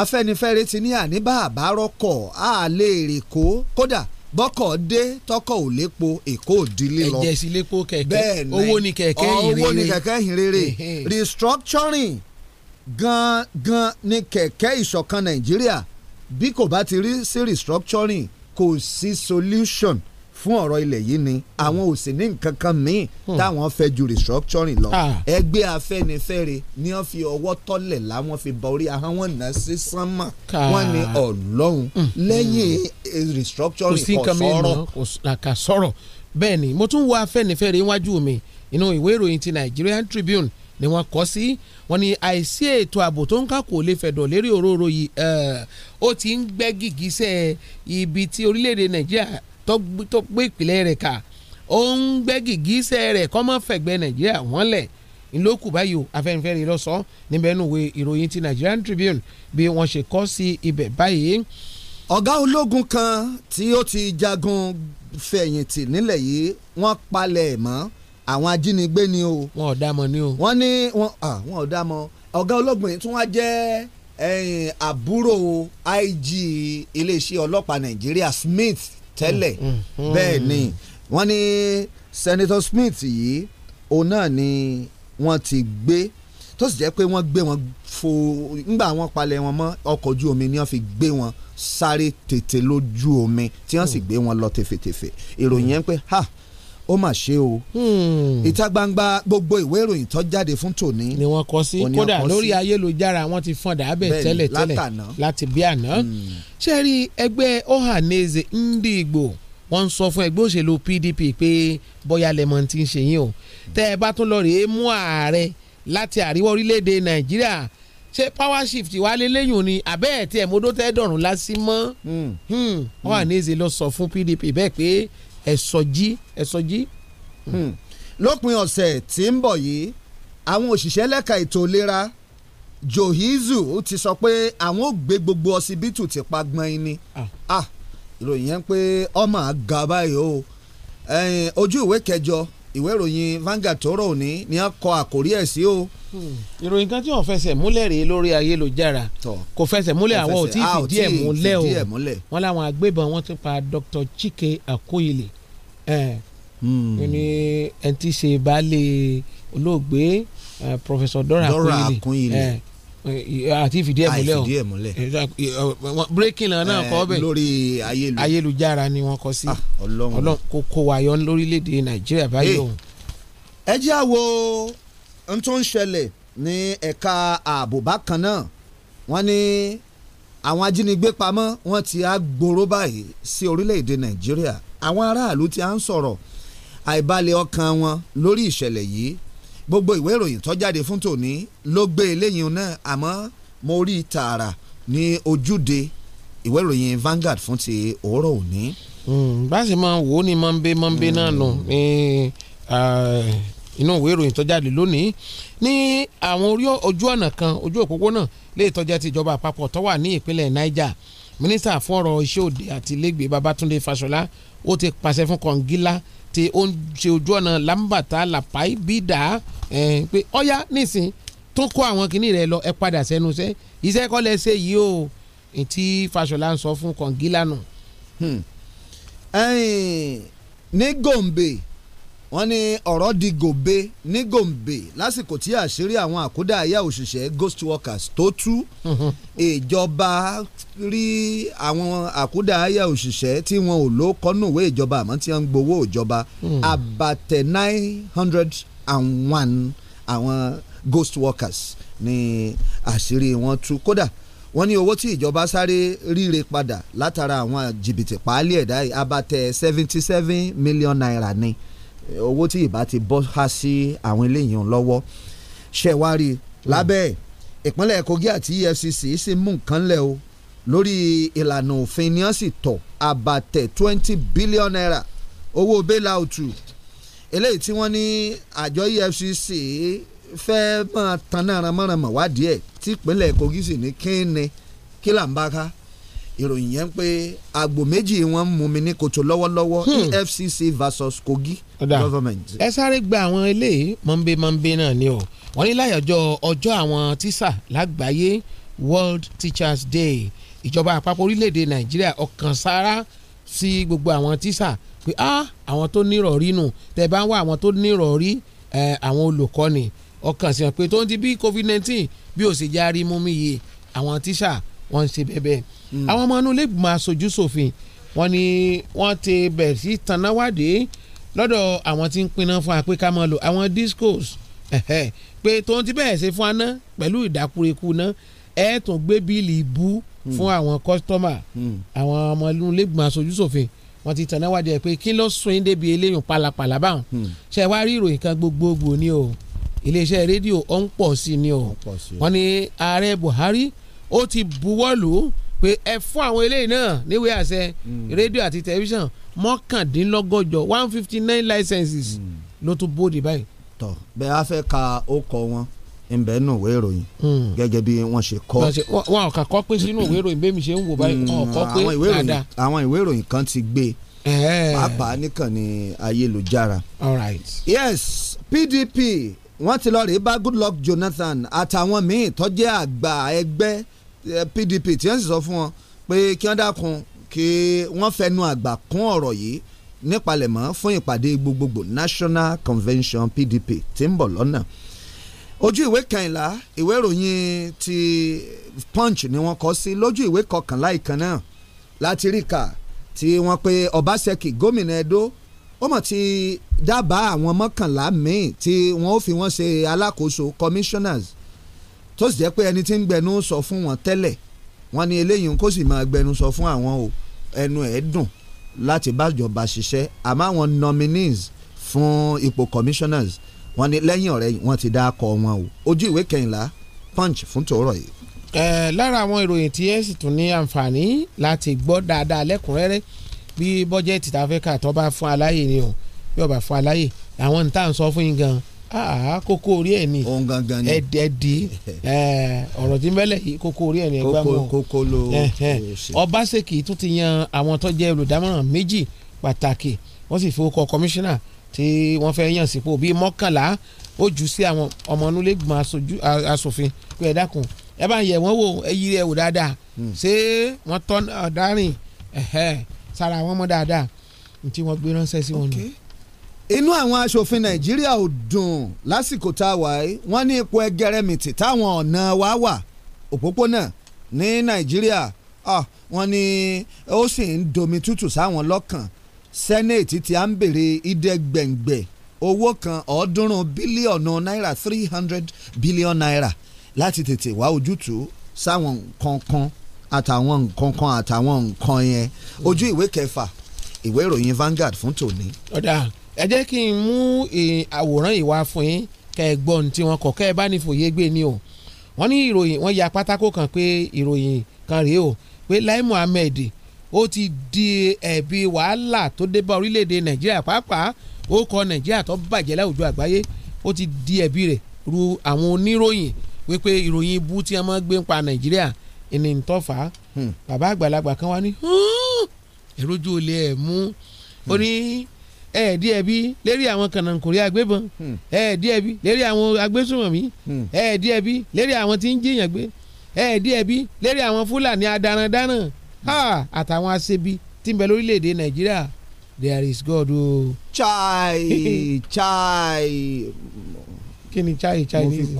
Speaker 20: afẹ́nifẹ́re ti ní àníbá àbárọ́kọ̀ á lè rè kó kódà bọ́kọ̀ dé tọkọ̀ ò lépo èkó òdílé lọ. ẹ̀jẹ̀ sí lépo kẹ̀kẹ́ owó ni kẹ̀kẹ́ ìhìnrere [LAUGHS] restructuring gan-an ni kẹ̀kẹ́ ìṣọ̀kan Nàìjíríà bí kò bá ti rí sí restructuring kò sí solution fún ọ̀rọ̀ ilẹ̀ yìí ni àwọn ò sì ní nǹkan kan míì hmm. táwọn fẹ́ ju restructuring lọ ah. ẹgbẹ́ afẹ́nifẹ́re ni wọ́n fi ọwọ́ tọ́lẹ̀ láwọn fi bọ orí ahọ́n wọn náà sí sánmà wọ́n ní ọlọ́run hmm. Hmm. lẹ́yìn eh, restructuring kò
Speaker 19: sọ̀rọ̀ bẹ́ẹ̀ ni mo tún wo afẹ́nifẹ́re iwájú mi inú ìwé ìròyìn ti Nigerian Tribune ni wọ́n kọ́ sí wọ́n ní àìsí ètò ààbò tó ń kákò lè fẹ̀dọ̀ lérí òróró yìí eh, ó ti ń gbẹ́ gìgísẹ̀ ibi tí orílẹ̀-èdè nàìjíríà tó gbé ìpìlẹ̀ rẹ̀ kà ó ń gbẹ́ gìgísẹ̀ rẹ̀ kọ́mọ́ fẹ̀gbẹ́ nàìjíríà wọ́n lẹ̀ ńlọ́kù báyìí o afẹ́nifẹ́re lọ́sọ̀ níbẹ̀ nù wé ìròyìn ti Nigerian Tribune bí wọ́n ṣe kọ́ sí ibẹ̀ báyìí. ọ̀gá ológun kan
Speaker 20: tí ó ti jagun fẹ̀yìntì nílẹ̀ yìí wọ́n palẹ̀ mọ́ àwọn ajínigbé ni o. wọn ò dámọ̀ ni o. wọ́n ní wọn wọn ò dámọ̀ ọ̀gá ológun yìí tún wá jẹ́ àbúrò IG iléeṣẹ́ ọlọ́pàá Nàìjíríà Smith tẹ́lẹ̀ mm, mm, mm. bẹ́ẹ̀ ni wọ́n ní Senator Smith yìí òun náà ni wọ́n ti gbé tó sì jẹ́ pé wọ́n gbé wọn fo ńgbà wọn palẹ̀ wọn mọ́ ọkọ̀ ojú omi ni wọ́n fi gbé wọn sáré tètè lójú omi tí wọ́n sì gbé wọn lọ tẹ̀fẹ̀tẹ̀fẹ̀ ìròyìn yẹn pé ha. Mm ó mà ṣe o hmm. ìta gbangba gbogbo ìwé ìròyìn tó jáde fún tòní. ni wọ́n kọ sí kódà lórí ayélujára
Speaker 19: wọ́n ti fọ́n dàbẹ̀ tẹ́lẹ̀ tẹ́lẹ̀ láti bí àná. Hmm. ṣé rí ẹgbẹ́ Ohanaeze Ndigbo wọ́n ń sọ fún ẹgbẹ́ òṣèlú PDP pé bóyá lẹ́mọ̀ ti ń ṣe yín o tẹ́ ẹ bá tún lọ rèé mú ààrẹ láti àríwá orílẹ̀-èdè Nàìjíríà ṣé power shift wà lélẹ́yìn òní àbẹ́ ẹ̀ tí ẹ̀ mọ́dọ́ tẹ́ dọ̀rùn lásìmọ́ hmm.
Speaker 20: Ohanaeze lọ sọ fún PDP bẹ́ẹ̀ pé ẹ̀sọ́jí ẹ̀sọ́jí. Hmm. lópin ọ̀sẹ̀ tí ń bọ̀ yìí àwọn òṣìṣẹ́ lẹ́ka ètò ìlera johizu ti sọ pé àwọn ò gbé gbogbo ọsibítù ti pa gbọ́n ẹni. Ah, ìròyìn yẹn pé ọmọ àga báyìí o ojú ìwé kẹjọ ìwé ìròyìn Vanguard tó òní ni wọ́n kọ àkórí ẹ̀ sí o. Hmm. ìròyìn kan tí wọ́n fẹsẹ̀ múlẹ̀ rèé lórí
Speaker 19: ayélujára kò fẹsẹ̀ múlẹ̀ àwọn ò tí ì fìdí ẹ̀ múlẹ̀ o wọ́n láwọn agbébọn wọ́n ti pa Dr. Chike Akoyele eh. hmm. ẹni ẹni tí ṣe baálé olóògbé eh, Professor Dora Akunyili Eh, eh, àti ah, ìfìdí ẹ̀ múlẹ̀ o eh, breaking náà náà kọ́ bẹ̀ lórí ayélujára ni wọ́n kọ sí ah, ọlọ́run kò kó wayọ lórílẹ̀‐èdè nàìjíríà báyìí o.
Speaker 20: ẹ jẹ́ àwo ohun tó ń ṣẹlẹ̀ ní ẹ̀ka ààbò bákan náà wọ́n ní àwọn ajínigbé pamọ́ wọ́n ti á gbòòrò báyìí sí orílẹ̀‐èdè nàìjíríà àwọn aráàlú ti á ń sọ̀rọ̀ àìbalẹ̀ ọkàn wọn lórí ìṣẹ̀lẹ̀ yìí gbogbo ìwé ìròyìn tó jáde fún tòní ló gbé eléyìí náà àmọ́ mo rí tààrà ní ojúde ìwé ìròyìn Vanguard fún ti òórọ̀ òní.
Speaker 19: Hmm, bá a sì máa wò ó ní mọ́nbé mọ́nbé náà nù hmm. ní inú ìwé ìròyìn tó jáde lónìí ní àwọn orí ojú ọ̀nà kan ojú òpópónà lè tọ́jà ti ìjọba àpapọ̀ tó wà ní ìpínlẹ̀ Niger mínísítà fún ọ̀rọ̀ iṣẹ́ òde àti ilégbèé Babátúndé Fáṣọlá ó ti pàṣẹ fún kọ̀ǹgílá tí ó ń ṣe ojú ọ̀nà lambata lapai bida pé ọ̀yá nísìn tó kó àwọn kinní rẹ̀ lọ ẹ padà sẹ́nu iṣẹ́ iṣẹ́ kọ́ lẹ ṣe yìí o tí Fáṣọlá ń sọ fún kọ̀ǹgílànà.
Speaker 20: Hmm. ní Gombe wọ́n ní ọ̀rọ̀ di gòbe ní gòǹbè lásìkò tí àṣírí àwọn àkúdà àyà òṣìṣẹ́ ghost workers tó tú ìjọba rí àwọn àkúdà àyà òṣìṣẹ́ tí wọn ò ló kọ́nùwé ìjọba àmọ́ tí wọ́n ń gbowó ìjọba hmm. àbàtẹ̀ nine hundred and one àwọn ghost workers ní àṣírí wọn tú kódà wọ́n ní owó tí ìjọba sáré ríre padà látara àwọn jìbìtì páálí ẹ̀dá yìí àbàtẹ̀ seventy seven million naira ni. Mm owó tí ìbá ti bọ́ há sí àwọn eléyìí lọ́wọ́ ṣẹ̀wárí lábẹ́ ìpínlẹ̀ Kogi àti EFCC sì mú nǹkan lẹ̀ o lórí ìlànà òfin ni wọ́n sì tọ̀ àbàtẹ̀ twenty billion naira owó bailout eléyìí tí wọ́n ní àjọ EFCC fẹ́ẹ́ máa tanná aramọ́ramọ́ wádìí ẹ̀ tí ìpínlẹ̀ Kogi sì ní kíni kí là ń bá ká ìròyìn yẹn pé àgbò méjì wọn ń mumi ní kòtò lọ́wọ́lọ́wọ́ hmm. EFCC versus Kogi government. ẹ
Speaker 19: sáré gba àwọn eléyìí mọ̀nbẹ́mọ̀nbẹ́ náà ni o wọ́n ní láyọ̀jọ́ ọjọ́ àwọn tíṣà lágbàáyé World Teachers Day ìjọba àpapọ̀ orílẹ̀-èdè Nàìjíríà ọkàn sára sí gbogbo àwọn tíṣà pé ah àwọn tó nírọ̀rí nù tẹ̀ bá ń wá àwọn tó nírọ̀rí àwọn olùkọ́ ni ọkàn sí wọn pé tó ń ti bí covid nineteen bí ó sì já rí mú mi yé àwọn tíṣà wọ́n ń ṣe bẹ́ẹ̀ hmm. àwọn ọmọ inú ilé ìgbìmọ̀ aṣojú ṣòfin wọ́n ní wọ́n ti bẹ̀rẹ̀ sí tanáwádìí lọ́dọ̀ àwọn tí ń pinná fún wa pé ká máa lò àwọn discos pé tóun ti bẹ́ẹ̀ ṣe fún wa ná pẹ̀lú ìdákúrekú ná ẹ̀ tún gbé bíìlì bú hmm. fún àwọn kọ́sítọ́mà hmm. àwọn ọmọ inú lẹ́gbọ̀n aṣojúṣòfin wọ́n ti tànà wádìí ẹ̀ pé kí ló sún yín débi eléyìn pálapàla báwọn hmm. ṣe wá rí ìròyìn kan gbogbogbò ni o iléeṣẹ́ rédíò ọ̀ ń pọ̀ sí ni o wọ́n ní ààrẹ Buhari ó ti buwọ́ lù ú pé ẹ fún àwọn eléyìí náà níwèé àṣẹ hmm. rédíò àti tẹlifíṣàn mọ́kàndínlọ́gọ́jọ one fifty nine licenses hmm. ló tún bóde
Speaker 20: báyìí. tọ bẹ́ẹ̀ a fẹ́ ka ó kọ wọn nbẹ nù ìwé ìròyìn hmm. gẹ́gẹ́ bí wọ́n ṣe kọ.
Speaker 19: wọn ò kà kọ pé sínú ìwé ìròyìn bẹ́ẹ̀ mi ṣe ń wò báyìí ọkọ pé dáadáa.
Speaker 20: àwọn ìwé ìròyìn kan ti gbé pàápàá níkànnì ayélujára. all yes PDP wọ́n ti lọ rèé bá Goodluck Jonathan àtàwọn míì tó jẹ́ àgbà ẹgbẹ́ PDP eh, tí wọ́n sì sọ fún wọn pé kí wọ́n dákun kí wọ́n fẹnu àgbà kún ọ̀rọ̀ yìí nípalẹ̀mọ́ fún ìpàdé gbogbogbò National Convention PDP tí ń bọ̀ lọ́nà ojú ìwé kẹrìnlá ìwé ìròyìn ti Punch ni wọ́n kọ sí lójú ìwé kọkànlá ìkan náà láti rí kà tí wọ́n pe Ọbaṣẹ́kì gómìnà Edo ó mọ̀ ti dábàá àwọn mọ́kànlá míì tí wọ́n ó fi wọ́n ṣe alákòóso commissioners tó sì jẹ́ pé ẹni tí ń gbẹnu sọ fún wọn tẹ́lẹ̀ wọ́n ní eléyìí kó sì máa gbẹnu sọ fún àwọn o ẹnu ẹ̀ dùn láti bájọba ṣiṣẹ́ àmọ́ àwọn nominees fún ipò commissioners wọ́n ní lẹ́yìn ọ̀rẹ́ wọ́n ti dá akọ wọn o ojú ìwé kẹyìnlá punch fún tòórọ̀ yìí.
Speaker 19: ẹ lára àwọn ìròyìn tí ẹ sì tún ní àǹfààní láti gbọ́ dáadáa lẹ́kùnrẹ́rẹ́ bí bọ́jẹ́ẹ̀tì tá a fẹ́ kà tó bá fún aláyè ni o bí bá fún aláyè àwọn ní tá à ń sọ fún yín gan-an Ah, kókó orí ẹ̀ ni òun gangan ni ẹ̀ẹ́dẹ́ẹ̀dì [LAUGHS] ọ̀rọ̀ tí mẹ́lẹ̀ yìí kókó orí ẹ̀
Speaker 20: ni ẹgbẹ́ wọn kókó ló ṣe
Speaker 19: Ọbaṣẹ́kì tún ti yan àwọn tó jẹ́ olùdámọ̀ràn méjì pàtàkì wọ́n sì fowó kọ kọmíṣánná tí wọ́n fẹ́ yàn sípò bíi mọ́kànlá ó jù sí àwọn ọmọ onúlẹ́gbọ̀n asòfin pé ẹ dákun ẹ bá yẹ̀ wọ́n wò ẹ yí ẹ wò dáadáa hmm. ṣé wọ́n tọ́ ọ̀daràn sára wọn mọ́ dáadáa
Speaker 20: ní tí wọ́n gbé ránṣẹ́ sí wọn nù inú àwọn aṣòfin nàìjíríà ò dùn lásìkò tá a wà yìí wọ́n ní ipò ẹgẹrẹmìtì táwọn ọ̀nà wa wà òpópónà ní nàìjíríà wọ́n ní ó sì ń domi tútù sáwọn lọ́kàn sẹ́nẹ̀tì tí a ń béèrè ìdẹ́gbẹ̀ngbẹ̀ owó kan ọ̀ọ́dúnrún bílíọ̀nù náírà three hundred billion naira láti tètè wá ojútùú sáwọn nǹkan kan àtàwọn nǹkan kan àtàwọn nǹkan yẹn ojú ìwé kẹfà ìwé ìròyìn Vanguard fún tòní. ọ̀dà ẹ jẹ́ kí n mú àwòrán
Speaker 19: ìwà fún yín kẹ́ ẹ gbọ́ tí wọ́n kọ kẹ́ ẹ bá ní fòye gbé ni o wọ́n ní ìròyìn wọ́n ya pátákó kan pé ìròyìn kan rèé o pé Lai Muhammed ó ti di ẹ̀bi wàhálà tó dé bá orílẹ̀-èdè Nàìjíríà pàápàá ó kọ Nàìjíríà tó bàjẹ́ láwùjọ àgbáyé ó ti di ẹ̀bi rẹ̀ ru àwọn oníròyìn wípé ìròyìn ibú tí wọ́n máa gbé ń pa Nàìjíríà ìní ń tọ́fà hmm. bàbá àgbàlagbà kan wá ní ẹ̀rọ ojú olè ẹ̀ mú ó hmm. ní. Hmm ẹ̀ẹ́dí ẹ̀bí lérí àwọn kànáńkùnrin agbébọn ẹ̀ẹ́dí hmm. ẹ̀bí lérí àwọn agbésùnmọ̀mí ẹ̀ẹ́dí hmm. ẹ̀bí lérí àwọn tí ń jiyàn gbé ẹ̀ẹ́dí ẹ̀bí lérí àwọn fúlàní adarandaran àtàwọn aṣebi tí ń bẹ lórílẹ̀‐èdè nàìjíríà there is God o. Oh. chai [LAUGHS] chai. kí ni chai chai ní ìsìn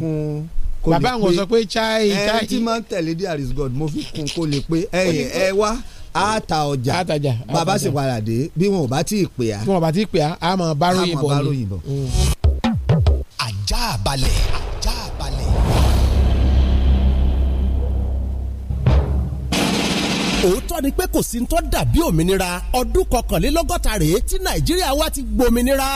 Speaker 20: bàbá àwọn sọ pé chai chai. ẹ ti máa ń tẹ̀lé there is God mo fi kún kó lè pé ẹ ẹ wá a ta ọjà bàbá sì padà dé bí wọn ò bá tí ì pè á. bí wọn ò bá tí ì pè á a mọ̀ bárò yìnbọn ni. Mm.
Speaker 19: ajá balẹ̀. ajá balẹ̀.
Speaker 10: òótọ́ ni pé kò sí ń tọ́ dàbí òmìnira ọdún kọkànlélọ́gọ́ta rèé tí nàìjíríà wá ti gbòmìnira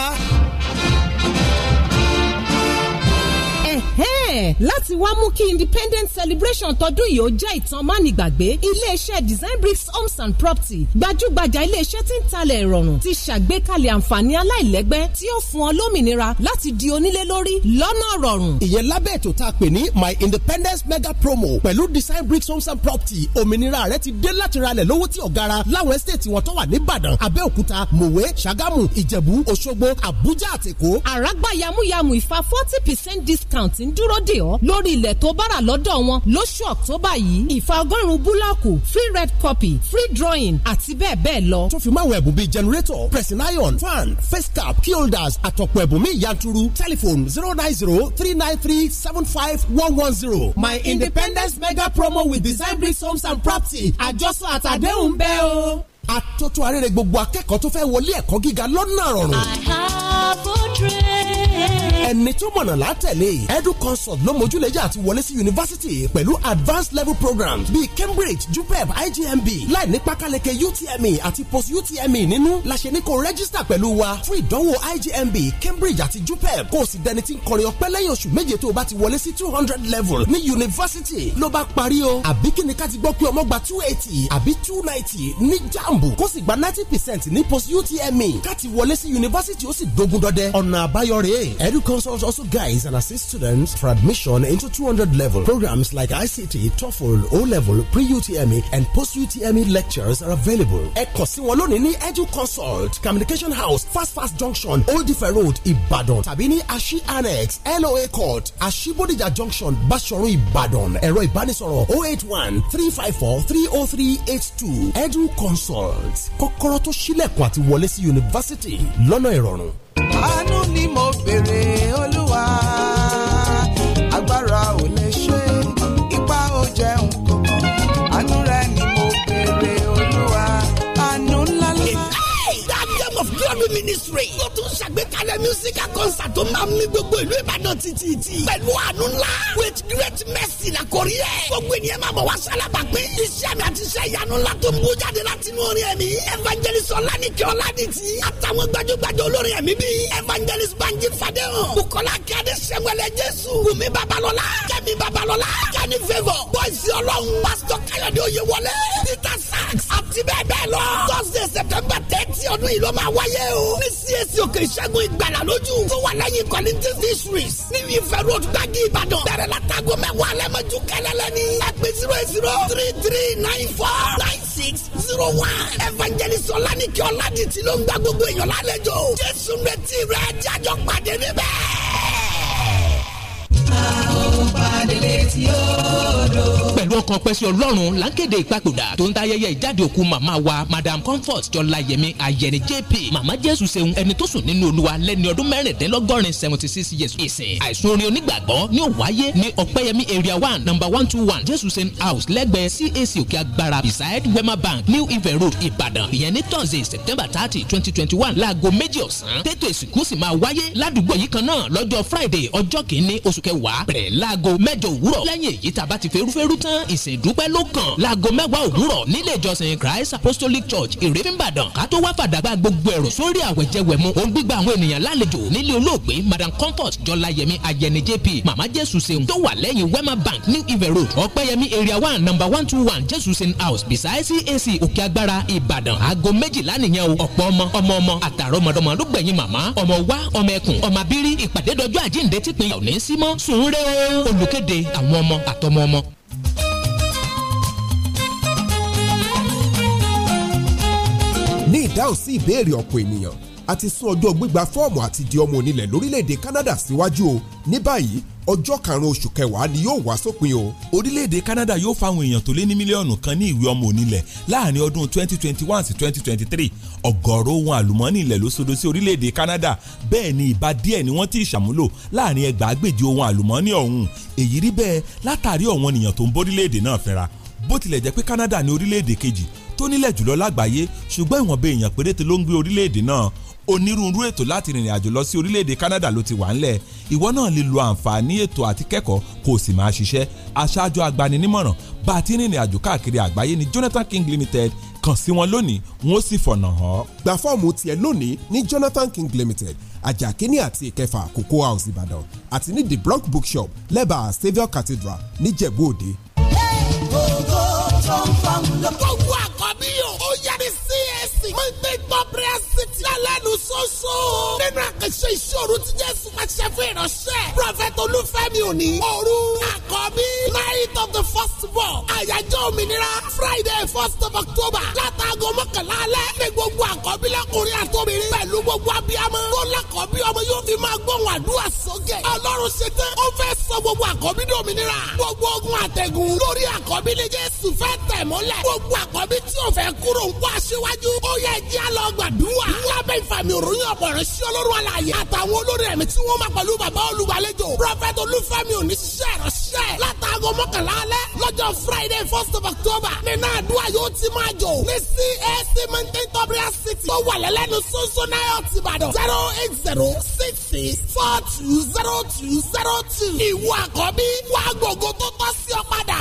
Speaker 10: láti wá mú kí independent celebration
Speaker 9: tọdún yìí ó jẹ́ ìtàn mánigbàgbé iléeṣẹ́ design bricks homes and property gbajúgbajà iléeṣẹ́ tí ń talẹ̀ ìrọ̀rùn ti ṣàgbékalẹ̀ àǹfààní aláìlẹ́gbẹ́ tí ó fún ọ lómìnira láti
Speaker 10: di onílé lórí lọ́nà rọrùn. ìyẹn lábẹ́ ètò tá a pè ní my independence mega promo pẹ̀lú design bricks homes and property òmìnira rẹ ti dé láti ralẹ̀ lówó tí ò gara láwọn ẹ́sítéètì wọn tó wà níbàdàn abẹ́òkúta mòwe ṣàgámù ìjẹ̀bú òṣogbo àbújá àtèkó. àràgbá
Speaker 9: yamuyamu ìfa forty percent discount tí ń dúró dè ọ́ lórí ilẹ̀ tó bára lọ́dọ̀ wọn lóṣù
Speaker 10: ọ̀tọ́bà yìí ìfà ọgọ́rùn-ún búlọ́ọ̀kù free red copy free drawing àti bẹ́ẹ̀ bẹ́ẹ̀ lọ. tó fi máa wọ ẹ̀bùn bíi generator pressing iron fan face cap key holders àtọ̀pọ̀ ẹ̀bùn mi yanturu telephone zero nine zero three nine three seven five one one zero. my independence mega promo with design bricks homes and property àjọsọ àtàdéhùn bẹ́ẹ̀ o atótó arére gbogbo akẹ́kọ̀ọ́ tó fẹ́ wọlé ẹ̀kọ́ gíga lọ́nà rọrùn. I
Speaker 15: have a dream ẹni
Speaker 10: tó mọ̀nà látẹ̀lé edu consult ló mójúlẹ̀jà àti wọlé sí yunifásitì pẹ̀lú advanced level programs bíi cambridge jupeb igmb láì ní pákáleke utme àti post utme nínú la ṣe ní kó rẹ́gísítà pẹ̀lú wa fún ìdánwò igmb cambridge àti jupeb kó o sì dẹni tí ń kọrin ọpẹ́ lẹ́yìn oṣù méje tó o bá ti wọlé sí two hundred level ní yunifásitì ló bá parí o àbí kí ni ká ti gbọ́ pé ọmọ gba two eighty àbí two ninety ní jambu kó sì gba ninety percent ní post utme ká ti wọlé sí yunifásitì ó sì dogun dọdẹ ọ̀nà àbáyọ rèé edu consult sponsors also guides and assists students for admission into 200 level. Programs like ICT, TOEFL, O level, pre UTME, and post UTME lectures are available. Ẹ̀kọ́ sí wọn Edu Consult, Communication House, Fast Fast Junction, Old Ife Road, Ibadan. Tabini Ashi Annex, LOA Court, Ashibodija Junction, Bashorun, Ibadan, Ẹ̀rọ ìbánisọ̀rọ̀ 081 354 30382. Edu Consult, Kokoroto Shilekwati ṣílẹ̀kùn University. Lono sí yunifásítì àánú ni mo béèrè
Speaker 19: olú.
Speaker 14: ray ó tún ṣàgbékalẹ̀ musical concert tó máa mì gbogbo ìlú ìbàdàn tìtìtì pẹ̀lú àánú ńlá with great mercy la kọrí ẹ̀ gbogbo ènìyàn máa bọ̀ wá sálábà pé iṣẹ́ mi àti iṣẹ́ ìyanu ńlá tó ń bú jáde láti inú orin ẹ̀mí evangelist ọlánìkẹ́ ọlánìtì àtàwọn gbajúgbajù olórin ẹ̀mí bíi evangelist banji fadéhàn bukola akíade sẹ́wẹ̀lẹ̀ jésù wùmí babalọ́lá kẹ́mi babalọ́lá kẹ́ni favour bọ́ìsì ọlọ́run pásítọ̀ káyọ̀dé oyèwọlé peter sachs àti bẹ́ẹ̀ bẹ́ẹ̀ lọ thursday september thirty ọdún yìí ló máa wáyé o ní CAC òkè ìṣẹ́gun ìgbàlà lójú tó wà lẹ́yìn Corinthian fisheries níbi ìfẹ́ road gbági Ìbàdàn bẹ̀rẹ̀ la tago mẹ́wàá lẹ́mọ̀jú kẹlẹ́lẹ́ ní ẹgbẹ́ zero eight zero three three nine four nine six zero one evangelist ọ̀lànìkẹ́ ọ̀làdìtì ló ń gba gbogbo èèyàn lálejò Jésù retí rẹ̀ jájọ́ pàdé níbẹ̀ ń padìlẹ̀ tí ó
Speaker 15: dò.
Speaker 9: pẹ̀lú ọkàn pẹ́sí ọlọ́run là ń kéde ìpapòdà tó ń ta ìjáde òkú màmá wa madam comfort jọláyẹmí ayẹni jp màmá jésù ṣeun ẹni tó sùn nínú olúwa lẹ́ni ọdún mẹ́rìndínlọ́gọ́rin seventy six years ìsìn àìsùn orin onígbàgbọ́ ni ó wáyé ní ọ̀pẹ́yẹmí area one number one two one jésù ṣeun house lẹ́gbẹ̀ẹ́ cac òkè agbára beside wema bank new ife road ìbàdàn ìyẹn ní thursday september thirty twenty twenty one láago méjì ọ̀sán tètò ìsìnkú sì máa wáyé ládùúgbò yìí friday ọjọ́ kìíní oṣù kẹwàá bẹ̀rẹ̀ láago láago mẹ́jọ òwúrọ̀ lẹ́yìn èyí tá a bá ti ferúferú tán ìsìn ìdúpẹ́ ló kàn láago mẹ́wàá òwúrọ̀ nílé ìjọsìn Christ Apostolic Church ìrèfínbàdàn ká tó wá fàdàgbà gbogbo ẹ̀rọ sórí àwẹ̀jẹwẹ̀mu òun gbígba àwọn ènìyàn lálejò nílé olóògbé Madam Comfort Jọláyẹmí Ajẹni JP Màmá Jésù Seun tó wà lẹ́yìn Wema Bank New Ife Road Ọ̀pẹ́yẹmí area one number one two one Jésù Seun house beside CAC Òkè Agbára Ìbàdàn aago méjìlá nìyẹn o ọ̀pọ̀ ọmọ ọmọ ọmọ àtàrọ ọmọdọmọ ló gbẹ̀yìn màmá ọmọ wa ọmọ ẹkùn ọmọ abírí ìpàdé dọjọ́ àjíǹde típin ò ní símọ́ sùn re olùkéde àwọn ọmọ àtọmọ ọmọ.
Speaker 16: ní ìdáhùn sí ìbéèrè ọ̀pọ̀ ènìyàn a ti sún ọjọ́ gbígba fọ́ọ̀mù àti di ọmọ onílẹ̀ lórílẹ̀‐èdè Canada síwájú o ní báyìí ọjọ́ karùn-ún oṣù kẹwàá ni yóò wá sópin o. orílẹ̀-èdè Canada yóò fáwọn èèyàn tó lé ní mílíọ̀nù kan ní ìwé ọmọ onílẹ̀ láàrin ọdún 2021 sí 2023 ọ̀gọ̀ọ̀rọ̀ ohun àlùmọ́ọ́nì ilẹ̀ ló sodo sí orílẹ̀-èdè Canada bẹ́ẹ̀ ni ìbá díẹ̀ ni wọ́n ti ṣàmúlò láàrin ẹgbàágbèje ohun àlùmọ́ọ́nì ọ̀hún èyí rí bẹ́ẹ̀ látàrí ọ̀wọ́n ènìyàn tó ń bórílẹ̀-èdè náà fẹ́ra bó tilẹ̀ jẹ́ pé Canada ni orílẹ̀-èdè kejì tó nílẹ̀ jùlọ lágbàáyé ṣùgbọ́n ìwọ̀nba èèyàn péréte ló ń gbé orílẹ̀-èdè náà onírúurú ètò láti rìnrìn àjò lọ sí orílẹ̀-èdè Canada ló ti wà ńlẹ̀ ìwọ náà lè lo àǹfààní ètò àti kẹ́kọ̀ọ́ kó o sì máa ṣiṣẹ́ aṣáájú agbaninímọ̀ràn bá a ti rìnrìn àjò káàkiri àgbáyé ní Jonathan King Limited kàn sí wọn lónìí wọn ó sì fọ̀nà hàn. gba fọ́ọ̀mù tiẹ̀ lónìí ní Jonathan King Limited ajakini àti ìkẹfà Cocoa House Ìbàdàn àti ní The Block Bookshop lẹ́bàá Saviour Cathedral níjẹ̀bú òde.
Speaker 14: gbogbo àkọ́bí yòó ó yẹ ní CAC. mo ń gbé gbọ́ prayer yunifásitì. lálẹ́nu soso. nínú àkànṣe ìṣòro tí jésù máa ṣe fún ìránṣẹ́. prọfẹ̀tì olúfẹ́mi òní. òru àkọ́bí. night of the first ball. àyájọ́ òmìnira friday first of october. látàgọ́ mọ́kànlá alẹ́. ní gbogbo àkọ́bí lọ́kùnrin àtòmìnrin. pẹ̀lú gbogbo abiyamọ. tó lákọ̀ọ́bí ọmọ yóò fi máa gbóhùn àdúrà sókè. ọlọ́run ṣe tán. ó fẹ́ sọ gbogbo àkọ́bí dòmìnira. gbogbo ogun àtẹ̀gùn. lórí àkọ́bí ni jésù fẹ́ tẹ̀ mọ́lẹ̀. gbogbo àkọ́bí tí ò fẹ́ kúrò ń kó aṣíwájú. ó yẹ kí á lọ gbàdúrà lábẹ́ ìfàmì òròyìn ọ̀pọ̀ rẹ̀ sí ọlọ́run àlàyé àtàwọn olórí ẹ̀mí tí wọ́n máa pẹ̀lú bàbá olùgbàlejò prọfẹ̀tì olúfẹ́mi oníṣẹ́ ìránṣẹ́ látàgọ́ mọ́kànlá alẹ́ lọ́jọ́ friday first of october nínú àdúrà yóò ti máa jò ní cac mountain tobria city tó wà lẹ́lẹ́nu sọ́sọ́ náírà zero eight zero six six four two zero two zero two ìwọ àkọ́bí wàá gbogbo tó tọ́ sí ọ padà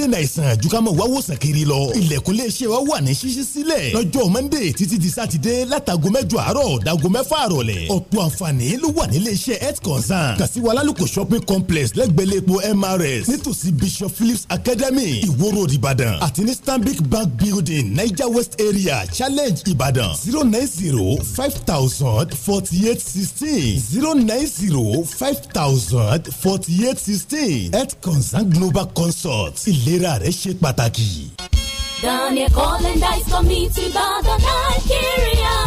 Speaker 17: dènà àìsàn àjùkámọ̀ wá wòsàn kiri lọ. ilẹ̀kùn lè ṣe wa wà ní ṣíṣí sílẹ̀ lọ́jọ́ monday títí di sátidé látago mẹ́jọ àárọ̀ dago mẹ́fà àrọ̀lẹ̀. ọ̀pọ̀ àǹfààní ló wà nílé iṣẹ́ health concern kàṣíwá lálùkò shopping complex lẹ́gbẹ̀lẹ́ epo mrs nítòsí bishop phillips academy ìwó ìbàdàn àti ní stanbic bank building niger west area challenge ìbàdàn zero nine zero five thousand forty eight sixteen zero nine zero five thousand forty eight sixteen health concern global consult ilé ìlera rẹ ṣe pàtàkì.
Speaker 15: Daniel Collins Dice Committee Badon Nigeria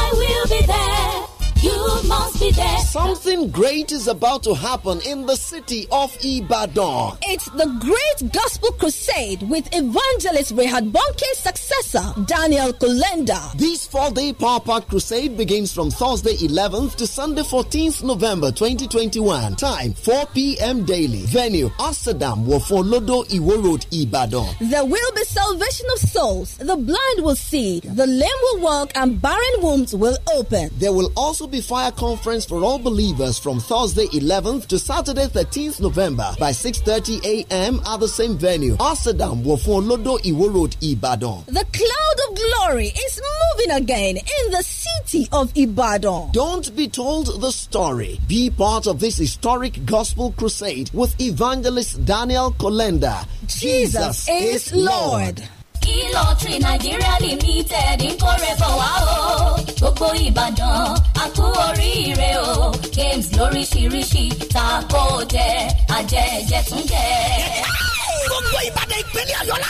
Speaker 15: I will be there. You
Speaker 10: must be there. Something great is about to happen in the city of Ibadan. It's the Great Gospel Crusade with evangelist Rehad Bonke's successor, Daniel Kolenda. This four day power pack crusade begins from Thursday 11th to Sunday 14th November 2021. Time 4 p.m. daily. Venue Amsterdam, Wofolodo Iwo Road, Ibadan.
Speaker 15: There will be salvation of souls. The blind
Speaker 10: will see, the lame will walk, and barren wombs will open. There will also will be fire conference for all believers from Thursday 11th to Saturday 13th November by 6:30 a.m. at the same venue, Asadam Wofun Lodo Iwo Road, Ibadan.
Speaker 15: The cloud of glory is moving again
Speaker 10: in the city of Ibadan. Don't be told the story. Be part of this historic gospel crusade with evangelist Daniel Kolenda. Jesus, Jesus is Lord. Lord.
Speaker 15: e-lottery Nigeria limited ń kórè bọ̀ wá o. gbogbo Ìbàdàn a kú oríire o. games lóríṣiríṣi ta kó jẹ àjẹjẹ tún jẹ. gbogbo Ìbàdàn ìpínlẹ̀ Ọ̀yọ́ la